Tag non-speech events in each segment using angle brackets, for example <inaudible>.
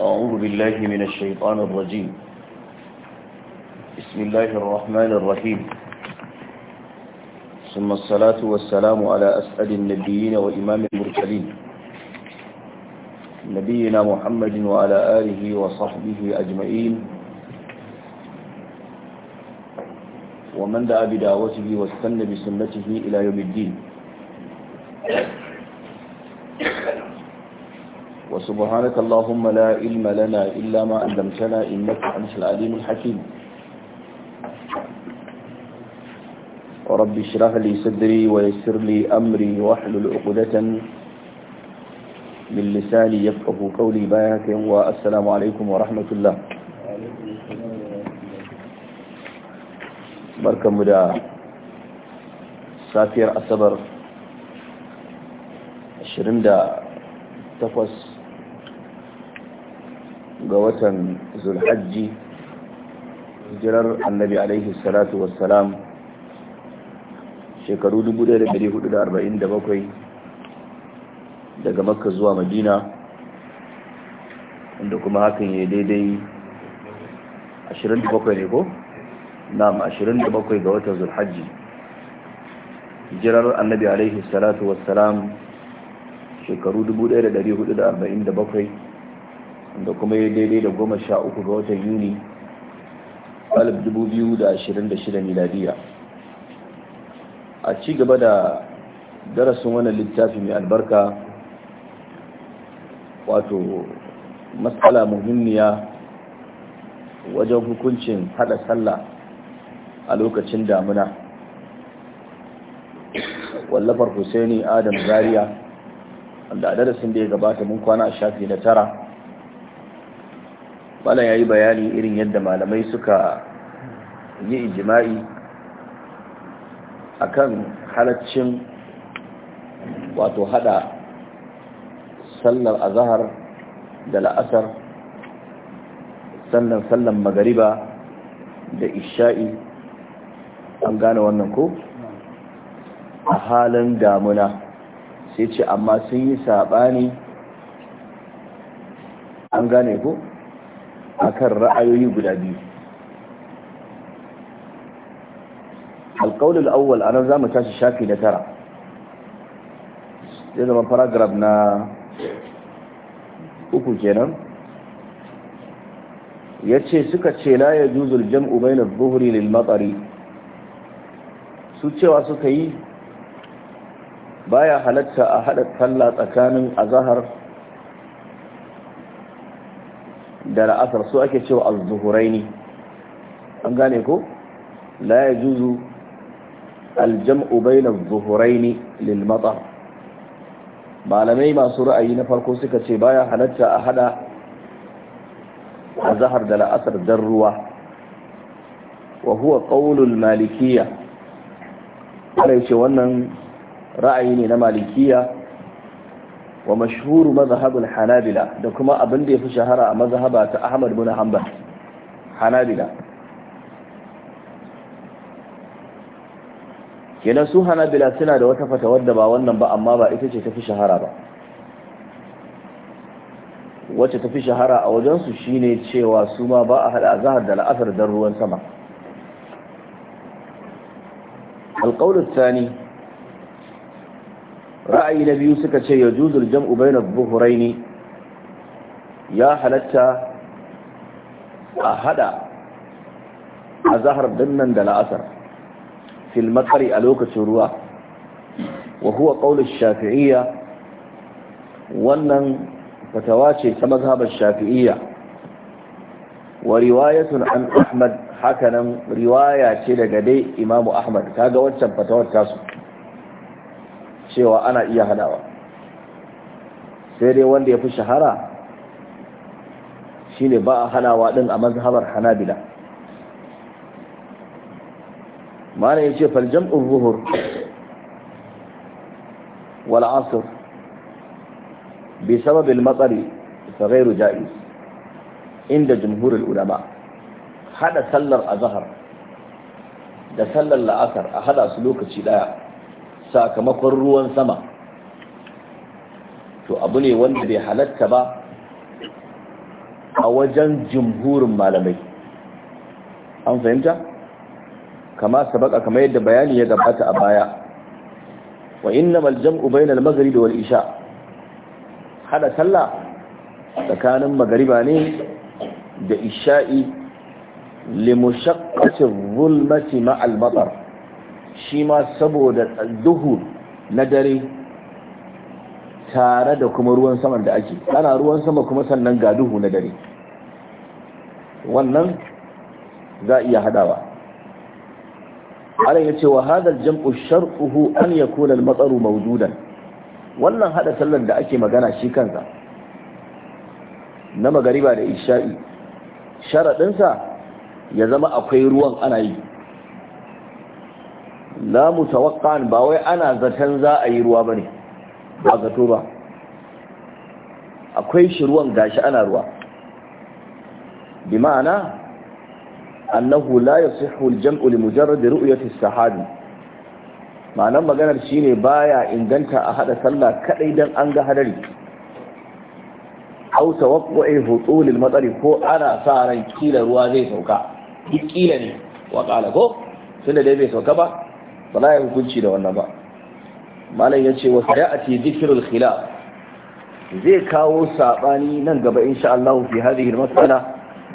أعوذ بالله من الشيطان الرجيم بسم الله الرحمن الرحيم ثم الصلاة والسلام على أسأل النبيين وإمام المرسلين نبينا محمد وعلى آله وصحبه أجمعين ومن دعا بدعوته واستنى بسنته إلى يوم الدين وسبحانك اللهم لا علم لنا إلا ما علمتنا إنك أنت العليم الحكيم وربي اشرح لي صدري ويسر لي أمري واحلل عقدة من لساني يفقه قولي بايك والسلام عليكم ورحمة الله بركة مدى سافر أصبر 28 ga watan zulhajji hijirar annabi alaihi salatu wassalam shekaru 1447 daga makka zuwa madina inda kuma hakan ya daidai 27 ne ko? na'am 27 ga watan zulhajji hijirar annabi alaihi salatu wassalam shekaru 1447 da kuma ya daidai da goma sha uku ga watan yuni 2026 miladiya a ci gaba da darasin wannan littafi mai albarka wato matsala muhimmiya wajen hukuncin hada sallah a lokacin damuna wallafar Hussaini adam Zariya, da a darasin da ya gabata mun kwana a shafi na tara malam ya yi bayani irin yadda malamai suka yi ijima'i akan halaccin wato hada sallar azahar da la'asar sannan sallar magariba da isha'i an gane wannan ko a halin damuna sai ce amma sun yi saɓani an gane ko akan ra'ayoyi guda biyu alƙaunin awwal anan za mu tashi shafi na tara ya zama paragraf na uku kenan ya ce suka ce la ya juzul jam'u bayna na zuhuri lil matsari su cewa suka yi baya halatta a haɗa talla tsakanin azahar da la'asar su ake cewa az an gane ko la yajuzu al-jam'u bayna az-zuhuraini malamai masu ra'ayi na farko suka ce baya halatta a hada zahar da la'asar dan ruwa wa huwa malikiya. ana alai ce wannan ra'ayi ne na malikiya. wa mashhuru mazhabul hanabila da kuma abin da yafi shahara a mazhaba ta Ahmad bin Hanbal hanabila kenan su hanabila suna da wata fata wadda ba wannan ba amma ba ita ce tafi shahara ba wacce tafi shahara a wajensu shine cewa su ma ba a hada zahar da la'asar dan ruwan sama alƙawar tsani ra'ayi na biyu suka ce ya juzul jam'u bainar buhuraini ya halatta a hada a zahar dinnan da la'asar fil matsari a lokacin ruwa wa huwa ƙaunar shafi'iyya wannan fatawa ce ta mazhabar shafi'iyya wa riwayatun an ahmad hakanan riwaya ce daga dai imamu ahmad ga waccan fatawar tasu cewa ana iya hadawa sai dai wanda ya fi shahara shine ba a hanawa ɗin a mazhabar hanabila mana ya ce faljam'in zuhur wal asr bi sababin matsari sarairu ja'iz inda jumhurin ulama hada sallar azahar da sallar la'asar a hada su lokaci daya sakamakon ruwan sama to abu ne wanda bai halatta ba a wajen jimhurin malamai an fahimta kama sabaka kamar yadda bayani ya gabata a baya wa innamal jam'u bainal maghrib wal isha hada sallah tsakanin magariba ne da isha'i limushaqqati dhulmati ma matar shi ma saboda duhu na dare tare da kuma ruwan saman da ake ana ruwan sama kuma sannan ga duhu na dare wannan za iya hadawa ana ya ce wa hadar jam'u shar'uhu an ya kula matsaru maududan wannan hada sallar da ake magana shi kansa na magariba da isha'i sharaɗinsa ya zama akwai ruwan ana yi la mutawaqqan ba wai ana zaton za a yi ruwa bane ba zato ba akwai shi ruwan gashi ana ruwa bi ma'ana annahu la yasihhu al-jam'u li mujarrad ru'yati as-sahabi ma'anan maganar shine baya inganta a hada sallah kadai dan an ga hadari aw tawaqqu'i hutul al-matar ko ana sa ran kila ruwa zai sauka kila ne wa qala ko tunda dai bai sauka ba ba na yi hukunci da wannan ba malam ya ce wa sayati dhikrul khilaf zai kawo sabani nan gaba insha Allah fi hadhihi al-mas'ala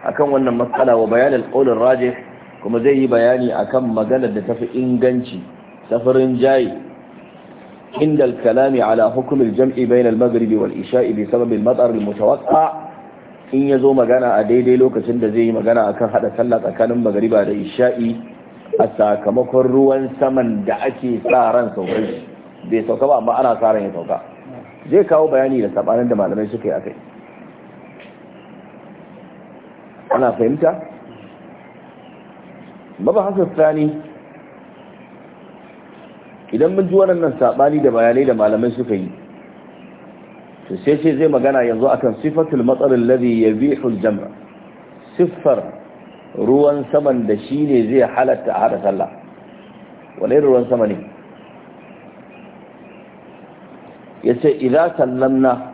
akan wannan mas'ala wa bayan al-qawl rajih kuma zai yi bayani akan maganar da tafi inganci safarin jayi عند الكلام على حكم الجمع بين المغرب والإشاء بسبب المطر المتوقع in ya zo magana a daidai lokacin da zai yi magana akan hada sallah tsakanin magariba da isha'i a sakamakon ruwan saman da ake sa ran saukar bai sauka ba amma ana sa ran ya sauka zai kawo bayani da sabanin da malamai suka yi kai. ana fahimta mabahasin tsani idan mun ji wannan sabani da bayanai da malamai suka yi to sai sai zai magana yanzu akan sifatul matsalin ladi ya bihul jam'a siffar ruwan saman da shi ne zai halatta a hada sallah wale ruwan sama ne ya ce idza sallamna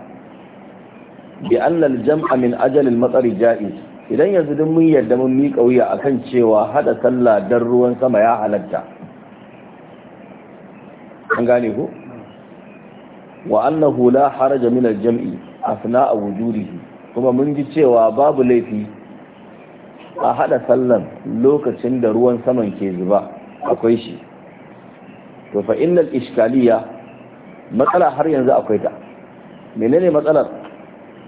bi annal jam'a min ajalin matsari ja'iz idan yanzu duk mun yarda mun miƙa wuya akan cewa hada sallah dan ruwan sama ya halatta an gane ko wa annahu la haraja min aljam'i asna wujudihi kuma mun ji cewa babu laifi a haɗa sallan lokacin da ruwan saman ke zuba akwai shi to fa innal iskaliya matsala har yanzu akwai ta menene matsalar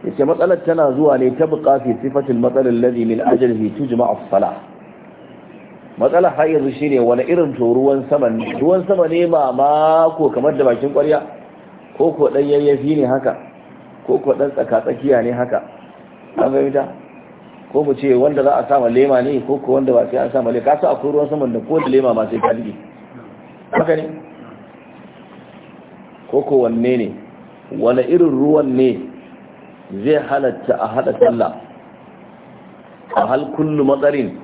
yace matsalar tana zuwa ne ta buƙafi sifatil matsal alladhi min ajlihi tujma as-salah matsala har yanzu shine wani irin to ruwan sama ne ruwan sama ne ma kamar da bakin ƙwarya ko ko dan yayyafi ne haka ko ko dan tsaka tsakiya ne haka an ita? ko mu ce wanda za a sama lema ne ko ko wanda ba sai an sama lema kasu akwai ruwan saman da ko da lema ma sai ka haka ne ko ko wanne ne wane irin ruwan ne zai halatta a hada sallah a hal kullu matsarin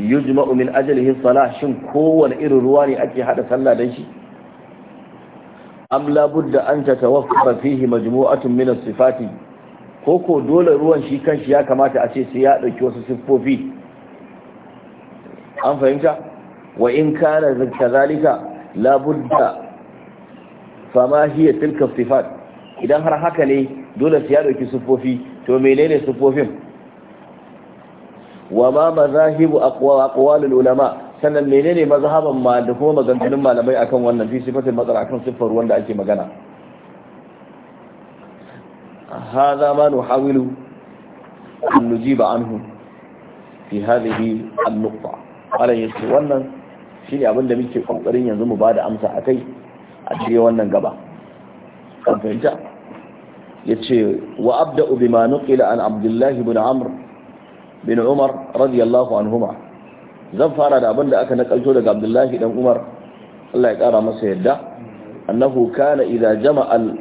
yujma'u min ajalihi salah shin kowane irin ruwa ne ake hada sallah dan shi am labudda an tatawaffara fihi majmu'atun min as-sifati ko ko dole ruwan shi kanshi ya kamata a ce sai ya ɗauki wasu siffofi an fahimta wa in kana kazalika labudda fama hiya tilka sifat idan har haka ne dole sai ya ɗauki siffofi to menene siffofin wa ma mazahibu aqwalul ulama sannan menene mazhaban ma da kuma maganganun malamai akan wannan fi sifatin matsala akan siffar wanda ake magana هذا ما نحاول أن نجيب عنه في هذه النقطة على يسوانا شيء أبن دميك قمقرين ينظم بعد أمس أكي أجري وانا قبا كم فهمت يتشي وأبدأ بما نقل عن عبد الله بن عمرو بن عمر رضي الله عنهما zan fara da abin da aka nakalto daga abdullahi dan umar Allah ya kara masa yadda annahu kana idza jama'a al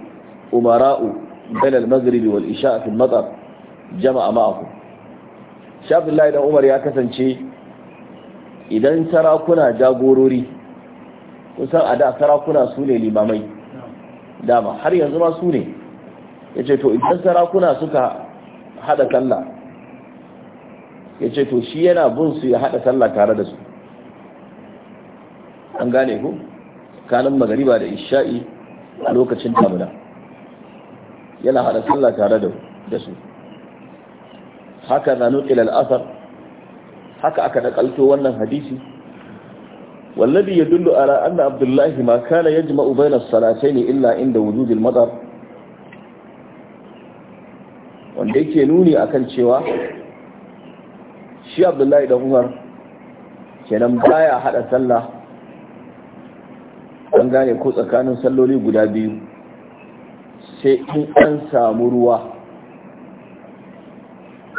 umara'u بين المغرب والإشاء في المطر جمع معهم شاب الله إذا عمر يا كسنشي idan sarakuna jagorori kusan a da sarakuna su ne limamai dama har yanzu ma su ne ya ce to idan sarakuna suka hada sallah ya ce to shi yana bin su ya hada sallah tare da su an gane ku kanin magariba da isha'i a lokacin damuna yana hada sallah tare da su haka na nuqila al'asar. haka aka dakalto wannan hadisi والذي يدل على Abdullahi ma? Kana ya كان يجمع بين ne illa inda وجود المطر wanda yake nuni akan cewa shi abdullahi da umar kenan baya hada sallah an gane ko tsakanin salloli guda biyu sai in an samu ruwa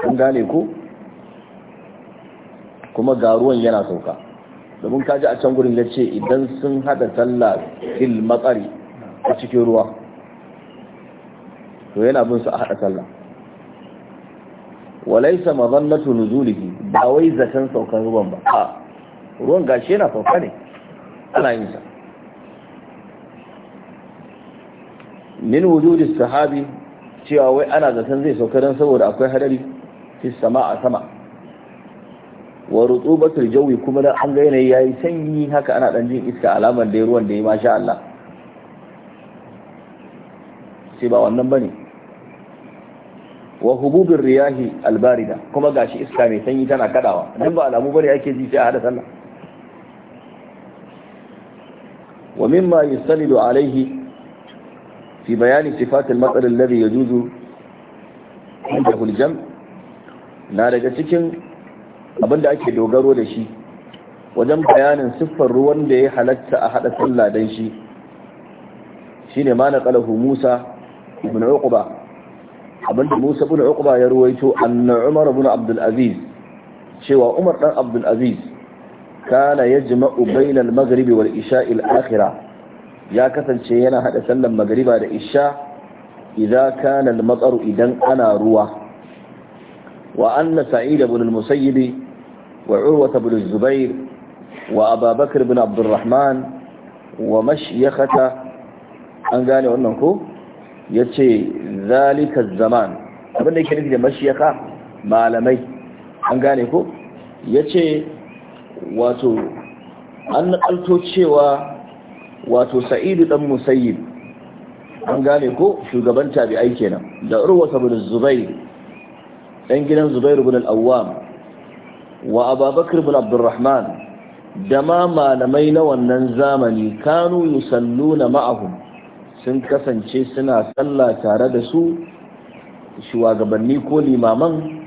an gane ku? kuma ga ruwan yana sauka domin kaji a can gurin ya ce idan sun hada talla fil matsari a cikin ruwa to yana bin su a hada talla walaisa mazannatu nuzulihi ba wai zaton saukan ruwan ba a ruwan gashi yana sauka ne ana yin sa min wujudi sahabi cewa wai ana zaton zai sauka don saboda akwai hadari fi sama a sama wa rutubatul jawi kuma da an ga yanayi yayi sanyi haka ana dan jin iska alamar da ruwan da ya masha Allah sai ba wannan bane wa hububir riyahi albarida kuma gashi iska mai sanyi tana kadawa dan ba alamu bane ake ji sai a hada sallah wa mimma yusalidu alaihi في بيان صفات المطر الذي يجوز عنده الجمع na daga cikin abin da ake dogaro da shi wajen bayanin siffar ruwan da ya halatta a haɗa sallah don shi shine ma na ƙalahu Musa ibn Uqba abinda Musa ibn Uqba ya ruwaito anna Umar ibn Abdul cewa Umar dan Abdul Aziz kana yajma'u bayna al-maghrib wal isha al ya kasance yana hada sallan magariba da isha idza kana al-matar idan ana ruwa wa anna sa'id ibn al-musayyib wa urwa ibn az-zubair wa abubakar ibn al-rahman wa mashyakhata an gane wannan ko yace zalika zaman abinda yake nufi da mashiyaka malamai an gane ko yace wato an nakalto cewa wato sa'idu dan musayyib an gane ko shugaban tabi'ai kenan da urwa bin zubair dan gidan zubair bin al-awwam wa ababakar bin abdurrahman da ma malamai na wannan zamani kanu yusalluna ma'ahum sun kasance suna sallah tare da su shugabanni ko limaman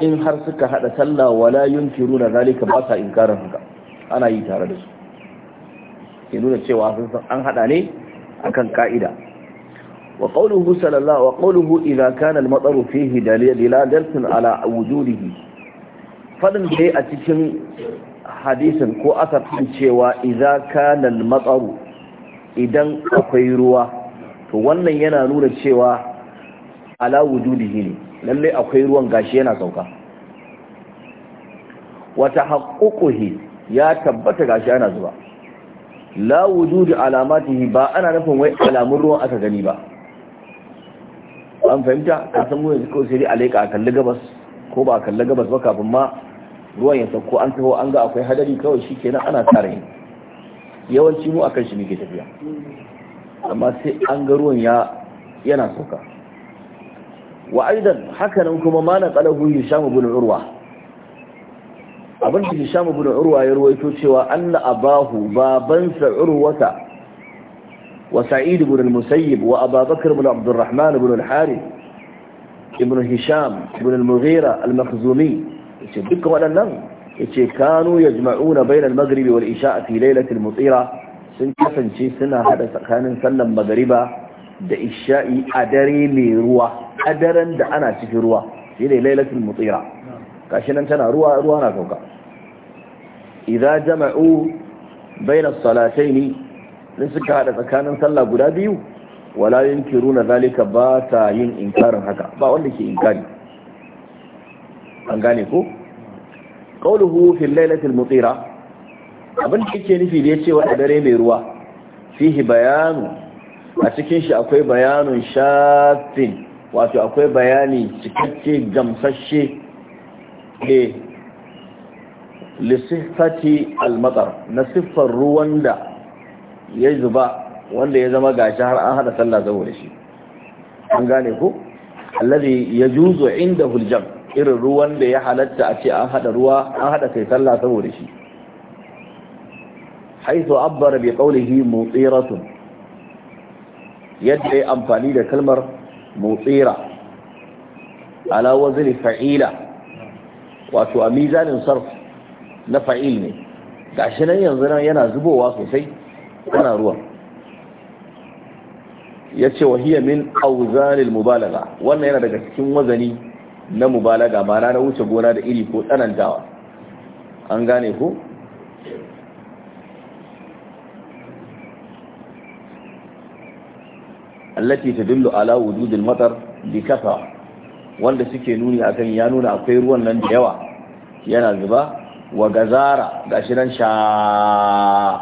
in har suka hada sallah wala yunkiruna zalika ba sa inkarin haka ana yi tare da su ke nuna cewa an hada ne akan ka'ida wa qawluhu sallallahu wa qawluhu idza kana al-mataru fihi ala wujudihi fadin dai a cikin hadisin ko aka fi cewa idza kana al-mataru idan akwai ruwa to wannan yana nuna cewa ala wujudihi ne lalle akwai ruwan gashi yana sauka wata haƙuƙuhi ya tabbata gashi yana zuwa la wujudu alamatihi ba ana nufin wai alamun ruwan aka gani ba an fahimta ka san wani ko sai dai alaika a kalli gabas ko ba a kalli gabas ba kafin ma ruwan ya sauko an taho an ga akwai hadari kawai shi kenan ana tsare yawanci mu akan shi muke tafiya amma sai an ga ruwan ya yana sauka wa aidan haka nan kuma ma na qalahu hisham ibn urwa abin da hisham ibn urwa ya ruwaito cewa anna abahu babansa urwata wa sa'id ibn al-musayyib wa ababakar ibn abdurrahman ibn al-harith ibn hisham ibn al-mughira al-makhzumi yace duka waɗannan yace kanu yajma'una bayna al-maghrib wal isha fi laylatil mutira sun kasance suna hada tsakanin sallan magriba da isha'i a dare mai ruwa a daren da ana cikin ruwa shine laylatul mutira gashi nan tana ruwa ruwa na sauka idza jama'u bainas as ne in suka hada tsakanin sallah guda biyu wala yunkiruna zalika ba ta yin inkarin haka ba wanda ke inkari an gane ko Ƙauluhu fi al-lailati al-mutira abin da yake nufi da yace dare mai ruwa fihi bayanu a cikin shi akwai bayanun shafin wato akwai bayani cikakke gamsashe ne lissifati almatar na siffar ruwan da ya zuba wanda ya zama gashi har an hada sallah saboda shi an gane ko allazi yajuzu inda huljam irin ruwan da ya halatta a ce an hada ruwa an hada kai sallah saboda shi haithu abbar bi qawlihi mutiratun yadda ya amfani da kalmar mutira ala wazni fa'ila wato a mizanin sarf na fa'il ne gashi nan yanzu nan yana zubowa sosai ana ruwa. ya ce wa hiya min auzanil mubalaga wannan yana daga cikin wazani na mubalaga ma na wuce gona da iri ko tsanantawa an gane ko allati tadullu ala wujudil matar bi kafa wanda suke nuni akan ya nuna akwai ruwan nan da yawa yana zuba wa gazara Ga shi nan sha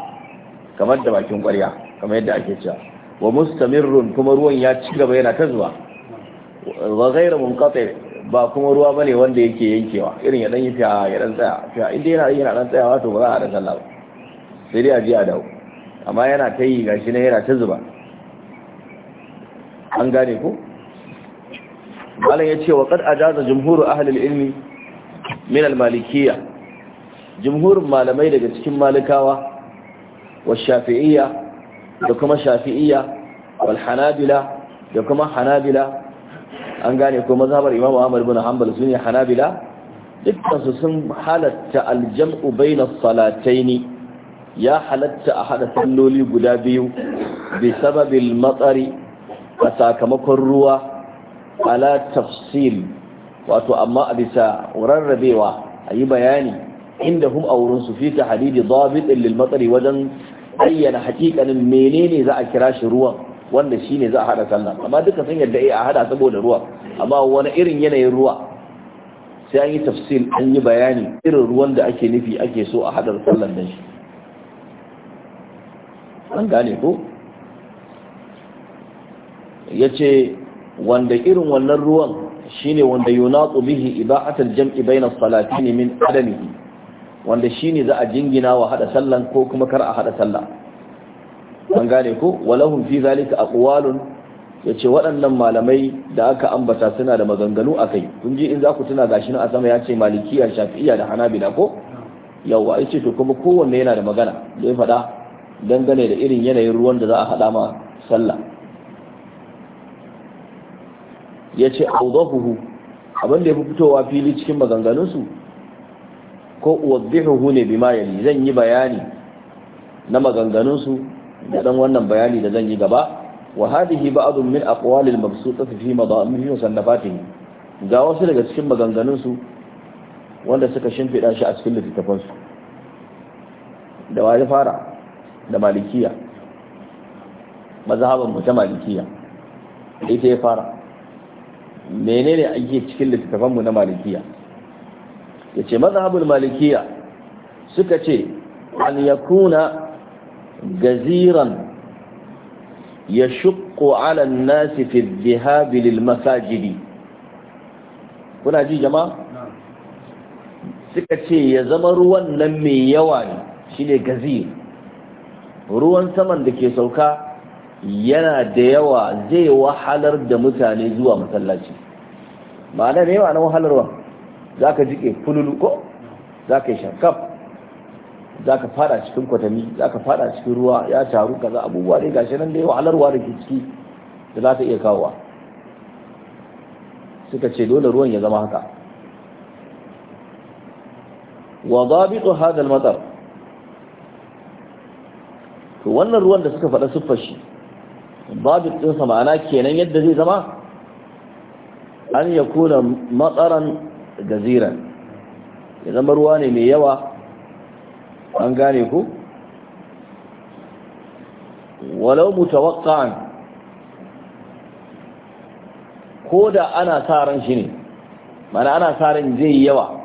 kamar da bakin ƙwarya kamar yadda ake cewa wa mustamirrun kuma ruwan ya ci gaba yana ta zuwa wa ghayra munqati ba kuma ruwa bane wanda yake yankewa irin ya dan yi fiya ya dan tsaya fiya inda yana yana dan tsayawa to ba za a dan sallah ba sai dai a ji a dawo amma yana ta yi gashi nan yana ta zuba an gane ko malam ya ce wa kad ajaza jumhur ahli ilmi min al-malikiyya jumhurin malamai daga cikin malikawa wa shafi'iyya da kuma shafi'iyya wal hanabila da kuma hanabila an gane ko mazhabar imam ahmad bin hanbal sunni hanabila dukkan su sun halatta al-jam'u bayna salataini ya halatta a hada salloli guda biyu bi sababil matsari a sakamakon ruwa ala tafsil wato amma a bisa rarrabewa a yi bayani inda hum a wurin fi ta hadidi zabitin lilmatsari wajen ayyana hakikanin menene za a kira shi ruwan wanda shi ne za a haɗa sallah amma duka sun yadda eh, a haɗa saboda ruwa amma wani irin yanayin ruwa sai an yi tafsil an yi bayani irin ruwan da ake nufi ake so a haɗa sallar da shi an gane ko ya ce wanda irin wannan ruwan shine wanda yunaqu bihi ibahatu jami bayna as-salatin min adamihi wanda shine za a jingina wa hada sallan ko kuma kar a hada sallah an gane ko walahum fi zalika aqwalun yace waɗannan malamai da aka ambata suna da maganganu akai kun ji in za ku tuna gashi na a sama yace malikiya shafi'iyya da hanabila ko yawa yace to kuma kowanne yana da magana da ya faɗa dangane da irin yanayin ruwan da za a hada ma sallah ya ce huhu abin da ya fi fitowa fili cikin maganganunsu ko uwaddihuhu ne bima yali zan yi bayani na maganganunsu da dan wannan bayani da zan yi gaba wa hadhihi ba'dun min aqwalil mabsuta fi madamihi sanafatin ga wasu daga cikin maganganunsu wanda suka shimfida shi a cikin su da wani fara da malikiya mazhaban mu ta malikiya ita ya fara menene ake cikin littattafanmu na malikiya ya ce mazhabul malikiya suka ce an yakuna gaziran ya shukku ala nasi fi dhihabi lil masajidi kuna ji jama'a suka ce ya zama ruwan nan mai yawa ne shine gazir ruwan saman da ke sauka yana da yawa zai wahalar da mutane zuwa masallaci Ba da yawa na wahalarwa za ka jike fululu ko za ka yi shankaf za ka fada cikin kwatami za ka fada cikin ruwa ya taru kaza abubuwa ne gashi nan da yawa halarwa da ke ciki da za ta iya kawowa suka ce dole ruwan ya zama haka wa zabitu hadal matar to wannan ruwan da suka faɗa su fashi. babu ɗinsa ma'ana kenan yadda zai zama an ya kuna matsaran gaziran ya ruwa ne mai yawa an gane ku walau mutawaqqa'an ko da ana sa shi ne mana ana sa zai yawa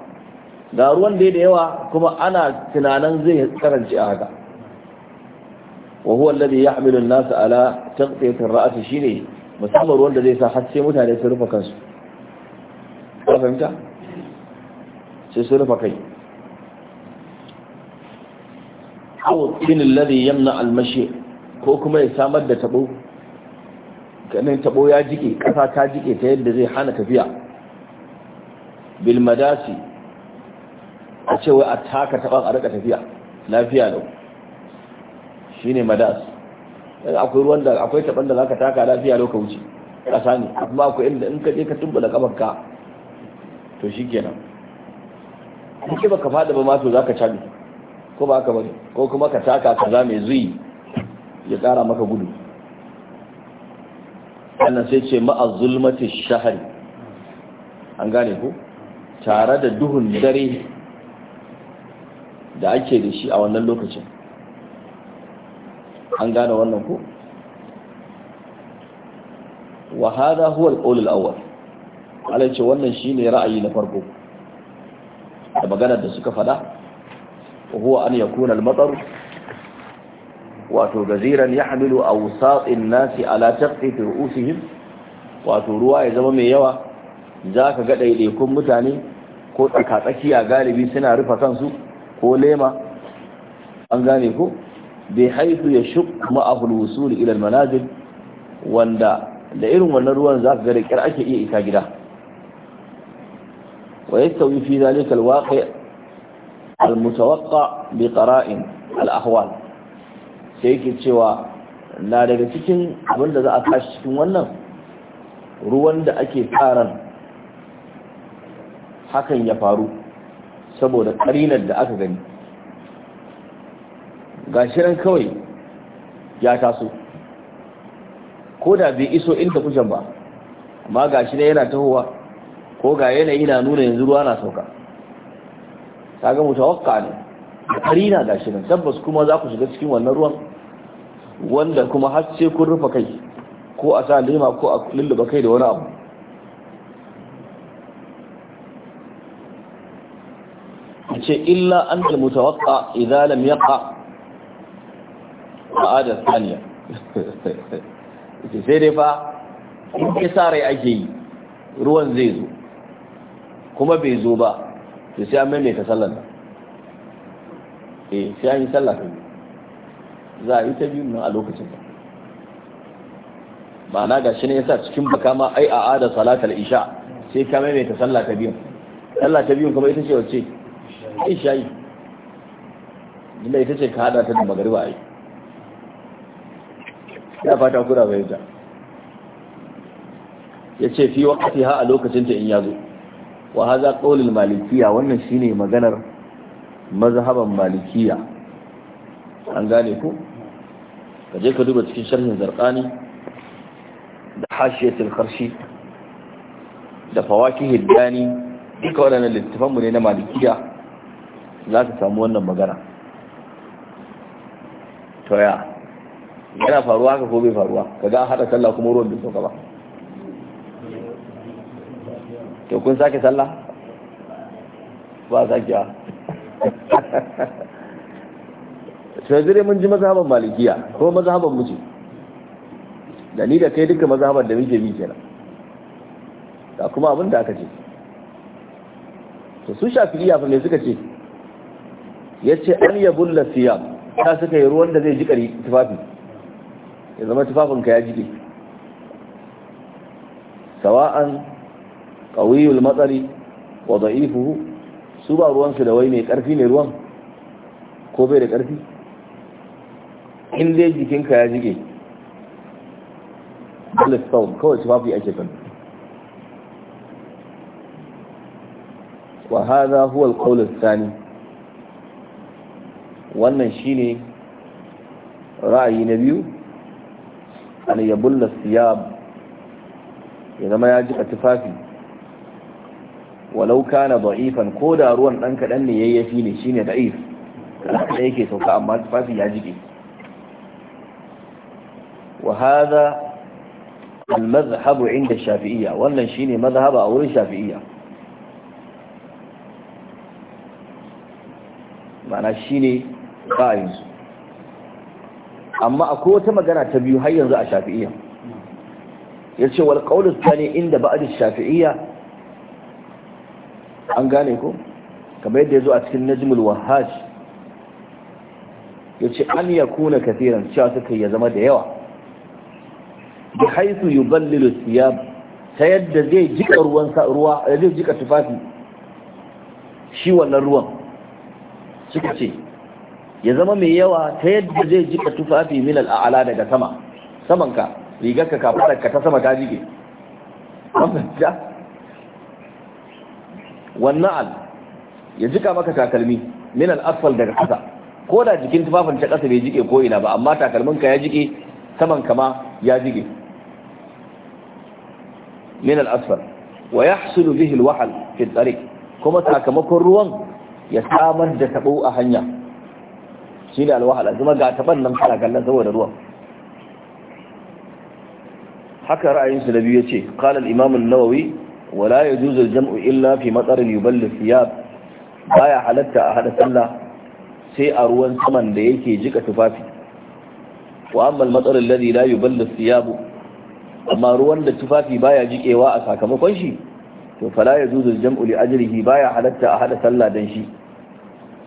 ga ruwan da yawa kuma ana tunanin zai karanci a haka wa huwa alladhi yahmilu an-nas ala taqtiyati ar-ra's shine musamman wanda zai sa har sai mutane su rufe kansu sai su rufe kai aw tin alladhi yamna al-mashi ko kuma ya samar da tabo kanin tabo ya jike kasa ta jike ta yadda zai hana tafiya bil madasi a cewa a taka a rika tafiya lafiya lau Shi ne madas dan akwai ruwan da akwai taban da zaka taka lafiya lokacin wuce kasa ne amma akwai inda in ka je ka tumbula kabarka to shikenan in ka baka fada ba ma to zaka cabi ko ba ka bari ko kuma ka taka kaza mai zuyi ya kara maka gudu wannan sai ce ma'a zulmati shahri an gane ku tare da duhun dare da ake da shi a wannan lokacin an gane wannan ku wa hada huwa al-qawl al-awwal wannan shine ra'ayi na farko da maganar da suka fada huwa an yakuna al-matar wato gaziran yahmilu awsaqin nasi ala taqfi ru'usihim wato ruwa ya zama mai yawa zaka ga daidaikun mutane ko tsakatsakiya galibi suna rufa kansu ko lema an gane ko bai haifu ya shuk ma'ahul wusuli ilal manazil wanda da irin wannan ruwan za ka gare da kyar ake iya isa gida wa Sauyi fi zalika alwaqi almutawaqqa bi al alahwal sai yake cewa na daga cikin abin da za a tashi cikin wannan ruwan da ake tsaran hakan ya faru saboda karinar da aka gani ga kawai ya taso ko da bai iso inda kujan ba amma ga yana tahowa ko ga yanayi na nuna yanzu ruwa na sauka ta ga mutawakka ne kari na ga tabbas kuma za ku shiga cikin wannan ruwan wanda kuma har sai kun rufe kai ko a sa lima ko a lulluba kai da wani abu ce illa an da mutawakka idan lam yaqa ma'adar saniya sai dai fa in ke sa rai ake yi ruwan zai zo kuma bai zo ba to sai an maimaita sallar da eh sai an yi sallar kan za a yi ta biyu nan a lokacin ba ma'ana ga shi ne yasa cikin baka ma ai a adar salatar isha sai ka maimaita sallar ta biyun sallar ta biyun kuma ita ce wacce isha yi ita ce ka hada ta da magariba ai ya fata ya ce fi wakati ha a lokacinta in ya zo wa haza ƙaunin malikiya wannan shine maganar mazhaban malikiya an gane ku ka je ka duba cikin sharhin zarqani da hashiyatul kharshi da fawakih dani duka waɗannan littafanmu ne na malikiya za ka samu wannan magana to ya yana faruwa haka ko bai faruwa ka ga hada sallah kuma ruwan bai sauka ba to kun sake sallah ba sake ba sai <laughs> mun ji mazhaban malikiya ko mazhaban muji da ni da kai duka mazhaban da muke bi kenan da kuma abin da aka ce to su shafi'iyya fa me suka ce yace an yabulla siyam ta suka yi ruwan da zai ji kari tufafi ya zama tufafinka ya jike sawa'an qawiyul matsari wa da'ifuhu su ba ruwansu da wai mai ƙarfi ne ruwan ko bai da ƙarfi? in dai jikinka ya jike dalil saum kawai tufafi ake kan wa hadha huwa al-qawl ath-thani wannan shine ra'ayi na biyu an yabulla siyab ya zama ya jika tufafi walau na da'ifan ko da ruwan ɗan kaɗan ne yayyafi ne shine da'if da yake sauka amma tufafi ya jike wa al-madhhab 'inda shafi'iyya wannan shine mazhaba a wurin shafi'iyya ma'ana shine ra'ayin su amma akwai wata magana ta biyu har yanzu a shafi'iyya ya ce wal ƙaunar tani inda da shafi'iyya an gane ko kamar yadda ya zo a cikin najmul wahaj ya ce an ya kuna kafiran cewa suka ya zama da yawa haifu yi ballilu siyab ta yadda zai jika ruwan ruwa zai jika tufafi shi wannan ruwan suka ce ya zama mai yawa ta yadda zai jika tufafi min al'ala daga sama samanka rigarka ka ta sama ta jike wannan al ya jika maka takalmi min al'asfal daga ƙasa ko da jikin tufafin ta ƙasa bai jike ko ina ba amma takalmin ka ya jike samanka ma ya jike min al'asfal wa ya hasulu bihil wahal fi tsari kuma sakamakon ruwan ya samar da taɓo a hanya shi da alwahala kuma ga taban nan kana kallon saboda ruwan haka ra'ayin su da biyu yace qala al-imam an-nawawi wala yajuzu al-jam'u illa fi matarin yuballi thiyab baya halatta a hada sallah sai a ruwan saman da yake jika tufafi wa amma al-matar alladhi la yuballi thiyab amma ruwan da tufafi baya jikewa a sakamakon shi to fala yajuzu al-jam'u li ajlihi baya halatta a hada sallah dan shi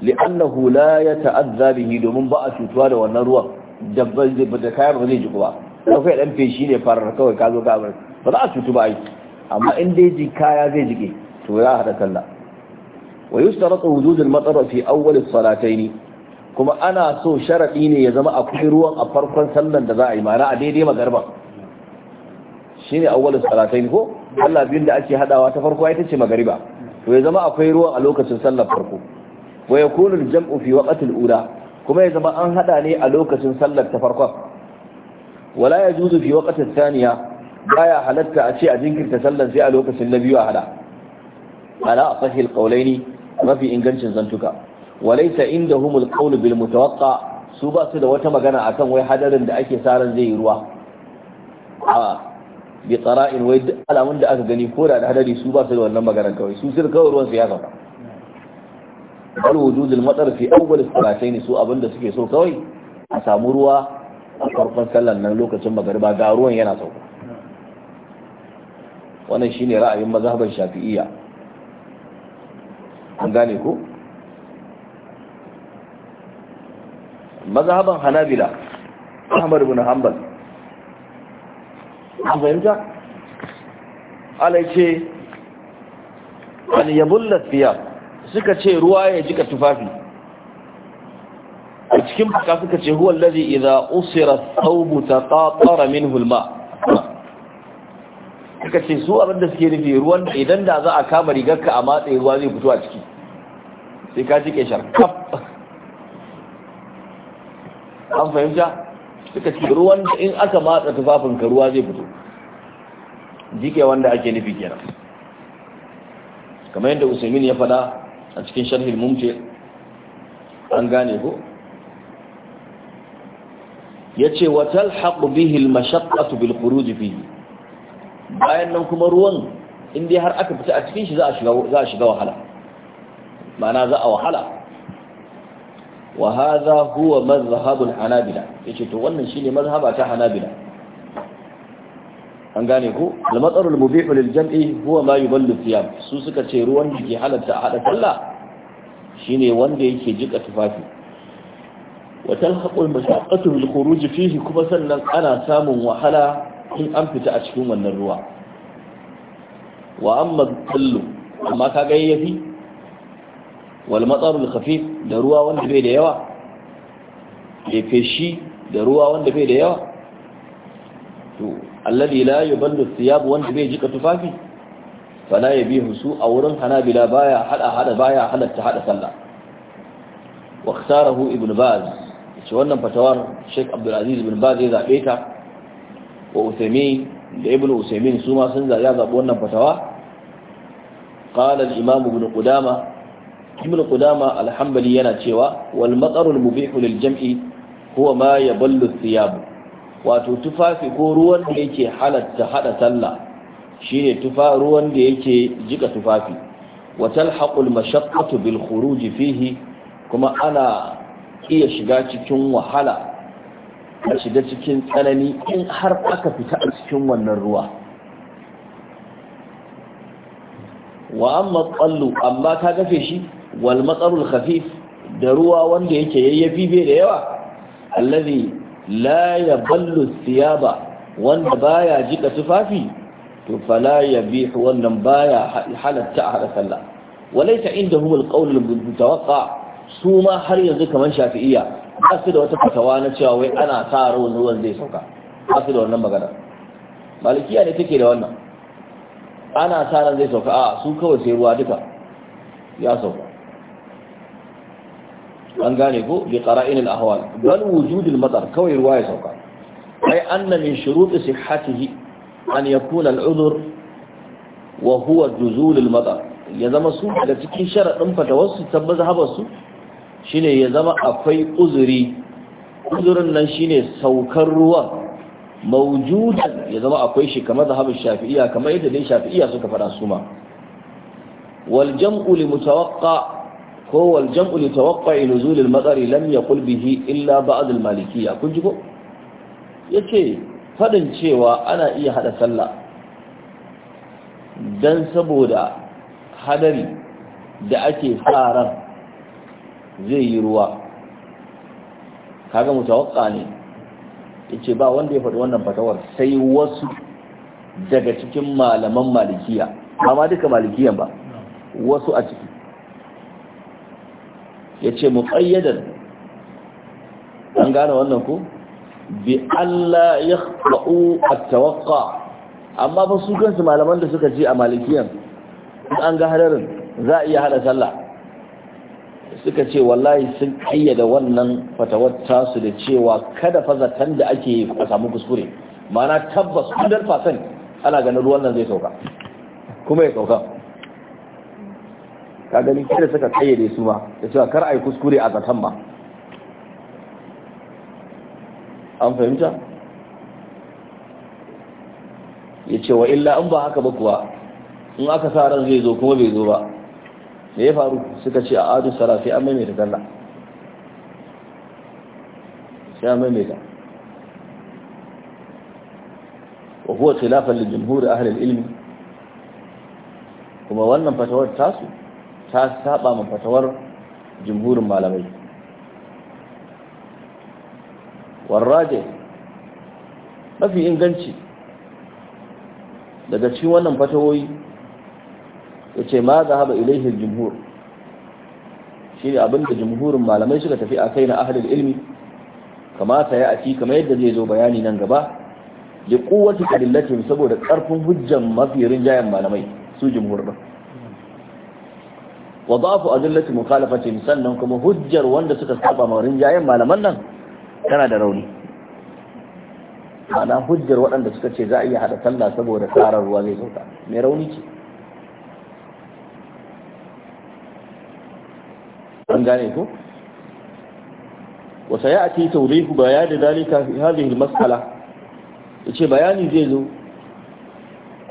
li'annahu la yata'azza bihi domin ba a cutuwa da wannan ruwan da da kayan ba zai jiku ba sai kai dan feshi ne farar kawai ka zo ka bar ba za a cutu ba ai amma in dai ji kaya zai jike to ya hada sallah wa yustaratu wujud al-matar fi awwal as-salatayn kuma ana so sharadi ne ya zama akwai ruwan a farkon sallan da za a yi mana a daidai magarba shine awwal as-salatayn ko Allah biyun da ake hadawa ta farko ita ce magariba to ya zama akwai ruwan a lokacin sallar farko wa yakunu al-jam'u fi waqtil ula kuma ya zama an haɗa ne a lokacin sallar ta farkon wala ya yajuzu fi waqtil thaniya baya halatta a ce a jinkirta sallar sai a lokacin na biyu a hada ala a al ƙaulaini, mafi ingancin zantuka walaysa inda al-qawl bil mutawaqqa su ba su da wata magana akan wai hadarin da ake saran zai yi ruwa a bi tsara'in wai alamun da aka gani ko da hadari su ba su da wannan magana kawai su sirka ruwan su ya kafa bal wujudul matar fi awwal salatayn su abinda suke so kawai a samu ruwa a farkon sallan nan lokacin magariba ga ruwan yana sauka wannan shine ra'ayin mazhaban shafi'iyya an gane ko mazhaban hanabila ahmad ibn hanbal an fahimta ala ce an yabulla thiyab suka ce ruwa ya jika tufafi a cikin baka suka ce huwa allazi idza usira thawbu taqatara minhu alma suka ce su abin da suke nufi ruwan idan da za a kama rigarka a matse ruwa zai fito a ciki sai ka jike sharkaf an fahimta suka ce ruwan da in aka matsa tufafinka ruwa zai fito jike wanda ake nufi kenan kamar yadda usaimin ya fada a cikin sharhin mumtir an gane ko ya ce wa talhaqu bihi al-mashaqqatu bayan nan kuma ruwan in har aka fita a cikin shi za a shiga wahala ma'ana za a wahala wa hadha huwa madhhabul hanabila ce to wannan shi ne mazhaba ta hanabila an gane ko al-matsarul lil jam'i huwa ma yuballu thiyab su suka ce ruwan da ke halatta a hada sallah shine wanda yake jika tufafi wa talhaqul mashaqqatu bil khuruj fihi kuma sannan ana samun wahala in an fita a cikin wannan ruwa wa amma kullu amma kaga yafi wal matsarul khafif da ruwa wanda bai da yawa da feshi da ruwa wanda bai da yawa alladhi la yuballu thiyab wanda bai jika tufafi fala yabihu su a wurin hanabila baya hada hada baya halatta hada sallah wa ikhtarahu ibn baz shi wannan fatawar Sheikh Abdul Aziz ibn Baz ya zabe ta wa Uthaymeen da Ibn Uthaymeen su ma sun zaga zabo wannan fatawa قال الإمام ابن قدامة ابن قدامة الحنبلي ينا cewa wal matsarul mubih lil jam'i huwa ma yaballu thiyab wato tufafi ko ruwan da yake halatta hada sallah shine tufa ruwan da yake jika tufafi watal talhaqul mashaqqatu bil khuruj fihi kuma ana iya shiga cikin wahala a shiga cikin tsanani in har aka fita a cikin wannan ruwa wa amma tsallu amma ka gafe shi wal matsarul khafif da ruwa wanda yake yayyafi bai da yawa allazi la ya ballu siyaba wanda baya jika tufafi to fala ya bihu wannan baya halatta a haɗa sallah walaita indahum alqawl almutawaqqa su ma har yanzu kaman shafi'iyya ba su da wata fatawa na cewa wai ana sa ruwan ruwan zai sauka ba su da wannan magana malikiya ne take da wannan ana sa ran zai sauka a su kawai sai ruwa duka ya sauka an gane ko bi qara'in al-ahwal bal wujud al-matar kawai ruwa ya sauka ai anna min shurut sihhatihi an yakuna al-udhr wa huwa nuzul al-matar ya zama su daga cikin sharadin fatawarsu tabbaza habarsu shine ya zama akwai uzuri uzurin nan shine saukar ruwa mawjudan ya zama akwai shi kamar zahabin shafi'iya kamar yadda dai shafi'iya suka fara suma wal jam'u li mutawaqqa ko wal jam'u li tawaqqu'i nuzul al matsari lam illa ba'd malikiya malikiyya kun ji ko yace fadin cewa ana iya haɗa sallah dan saboda hadari da ake faran zai yi ruwa kaga mutawaqqa ne yace ba wanda ya faɗi wannan fatawar sai wasu daga cikin malaman malikiya amma duka malikiyan ba wasu a ciki ya ce muƙayyadan an gane wannan ku bi Allah ya ƙa'u a tawakka amma ba su kansu malaman da suka ji a malikiyan an ga hadarin za a iya hada sallah suka ce wallahi sun ƙayyada wannan fatawarta su da cewa kada fazatan da ake yi a samu kuskure mana tabbas 100% ana ganin ruwan nan zai sauka kuma ya sauka ka gani kada suka kayyade su ba da cewa kar a yi kuskure a zaton ba an fahimta ya ce wa illa an ba haka ba kuwa in aka sa ran zai zo kuma bai zo ba me ya faru suka ce a adu sara sai an maimaita sallah sai an maimaita wa huwa khilafan lil jumhur ahli al-ilm kuma wannan fatawar tasu ta saba ma fatawar jumhurin malamai warraje mafi inganci daga cikin wannan fatawoyi ya ce ma za haɓa ilaihin jumhur shi ne abinda jumhurin malamai suka tafi a kai na ahalin ilmi kamata ya ci kamar yadda zai zo bayani nan gaba da kowace kadillatin saboda ƙarfin hujjan mafi rinjayen malamai su jumhurin ɗin wa babu adillati mukhalafati sannan kuma hujjar wanda suka saba maurin rinjayen malaman nan tana da rauni ana hujjar waɗanda suka ce za a iya hada sallah saboda tsarar ruwa zai sauka mai rauni ce an gane ko wa sayati tawdihu bayan dalika fi hadhihi al-mas'ala yace bayani zai zo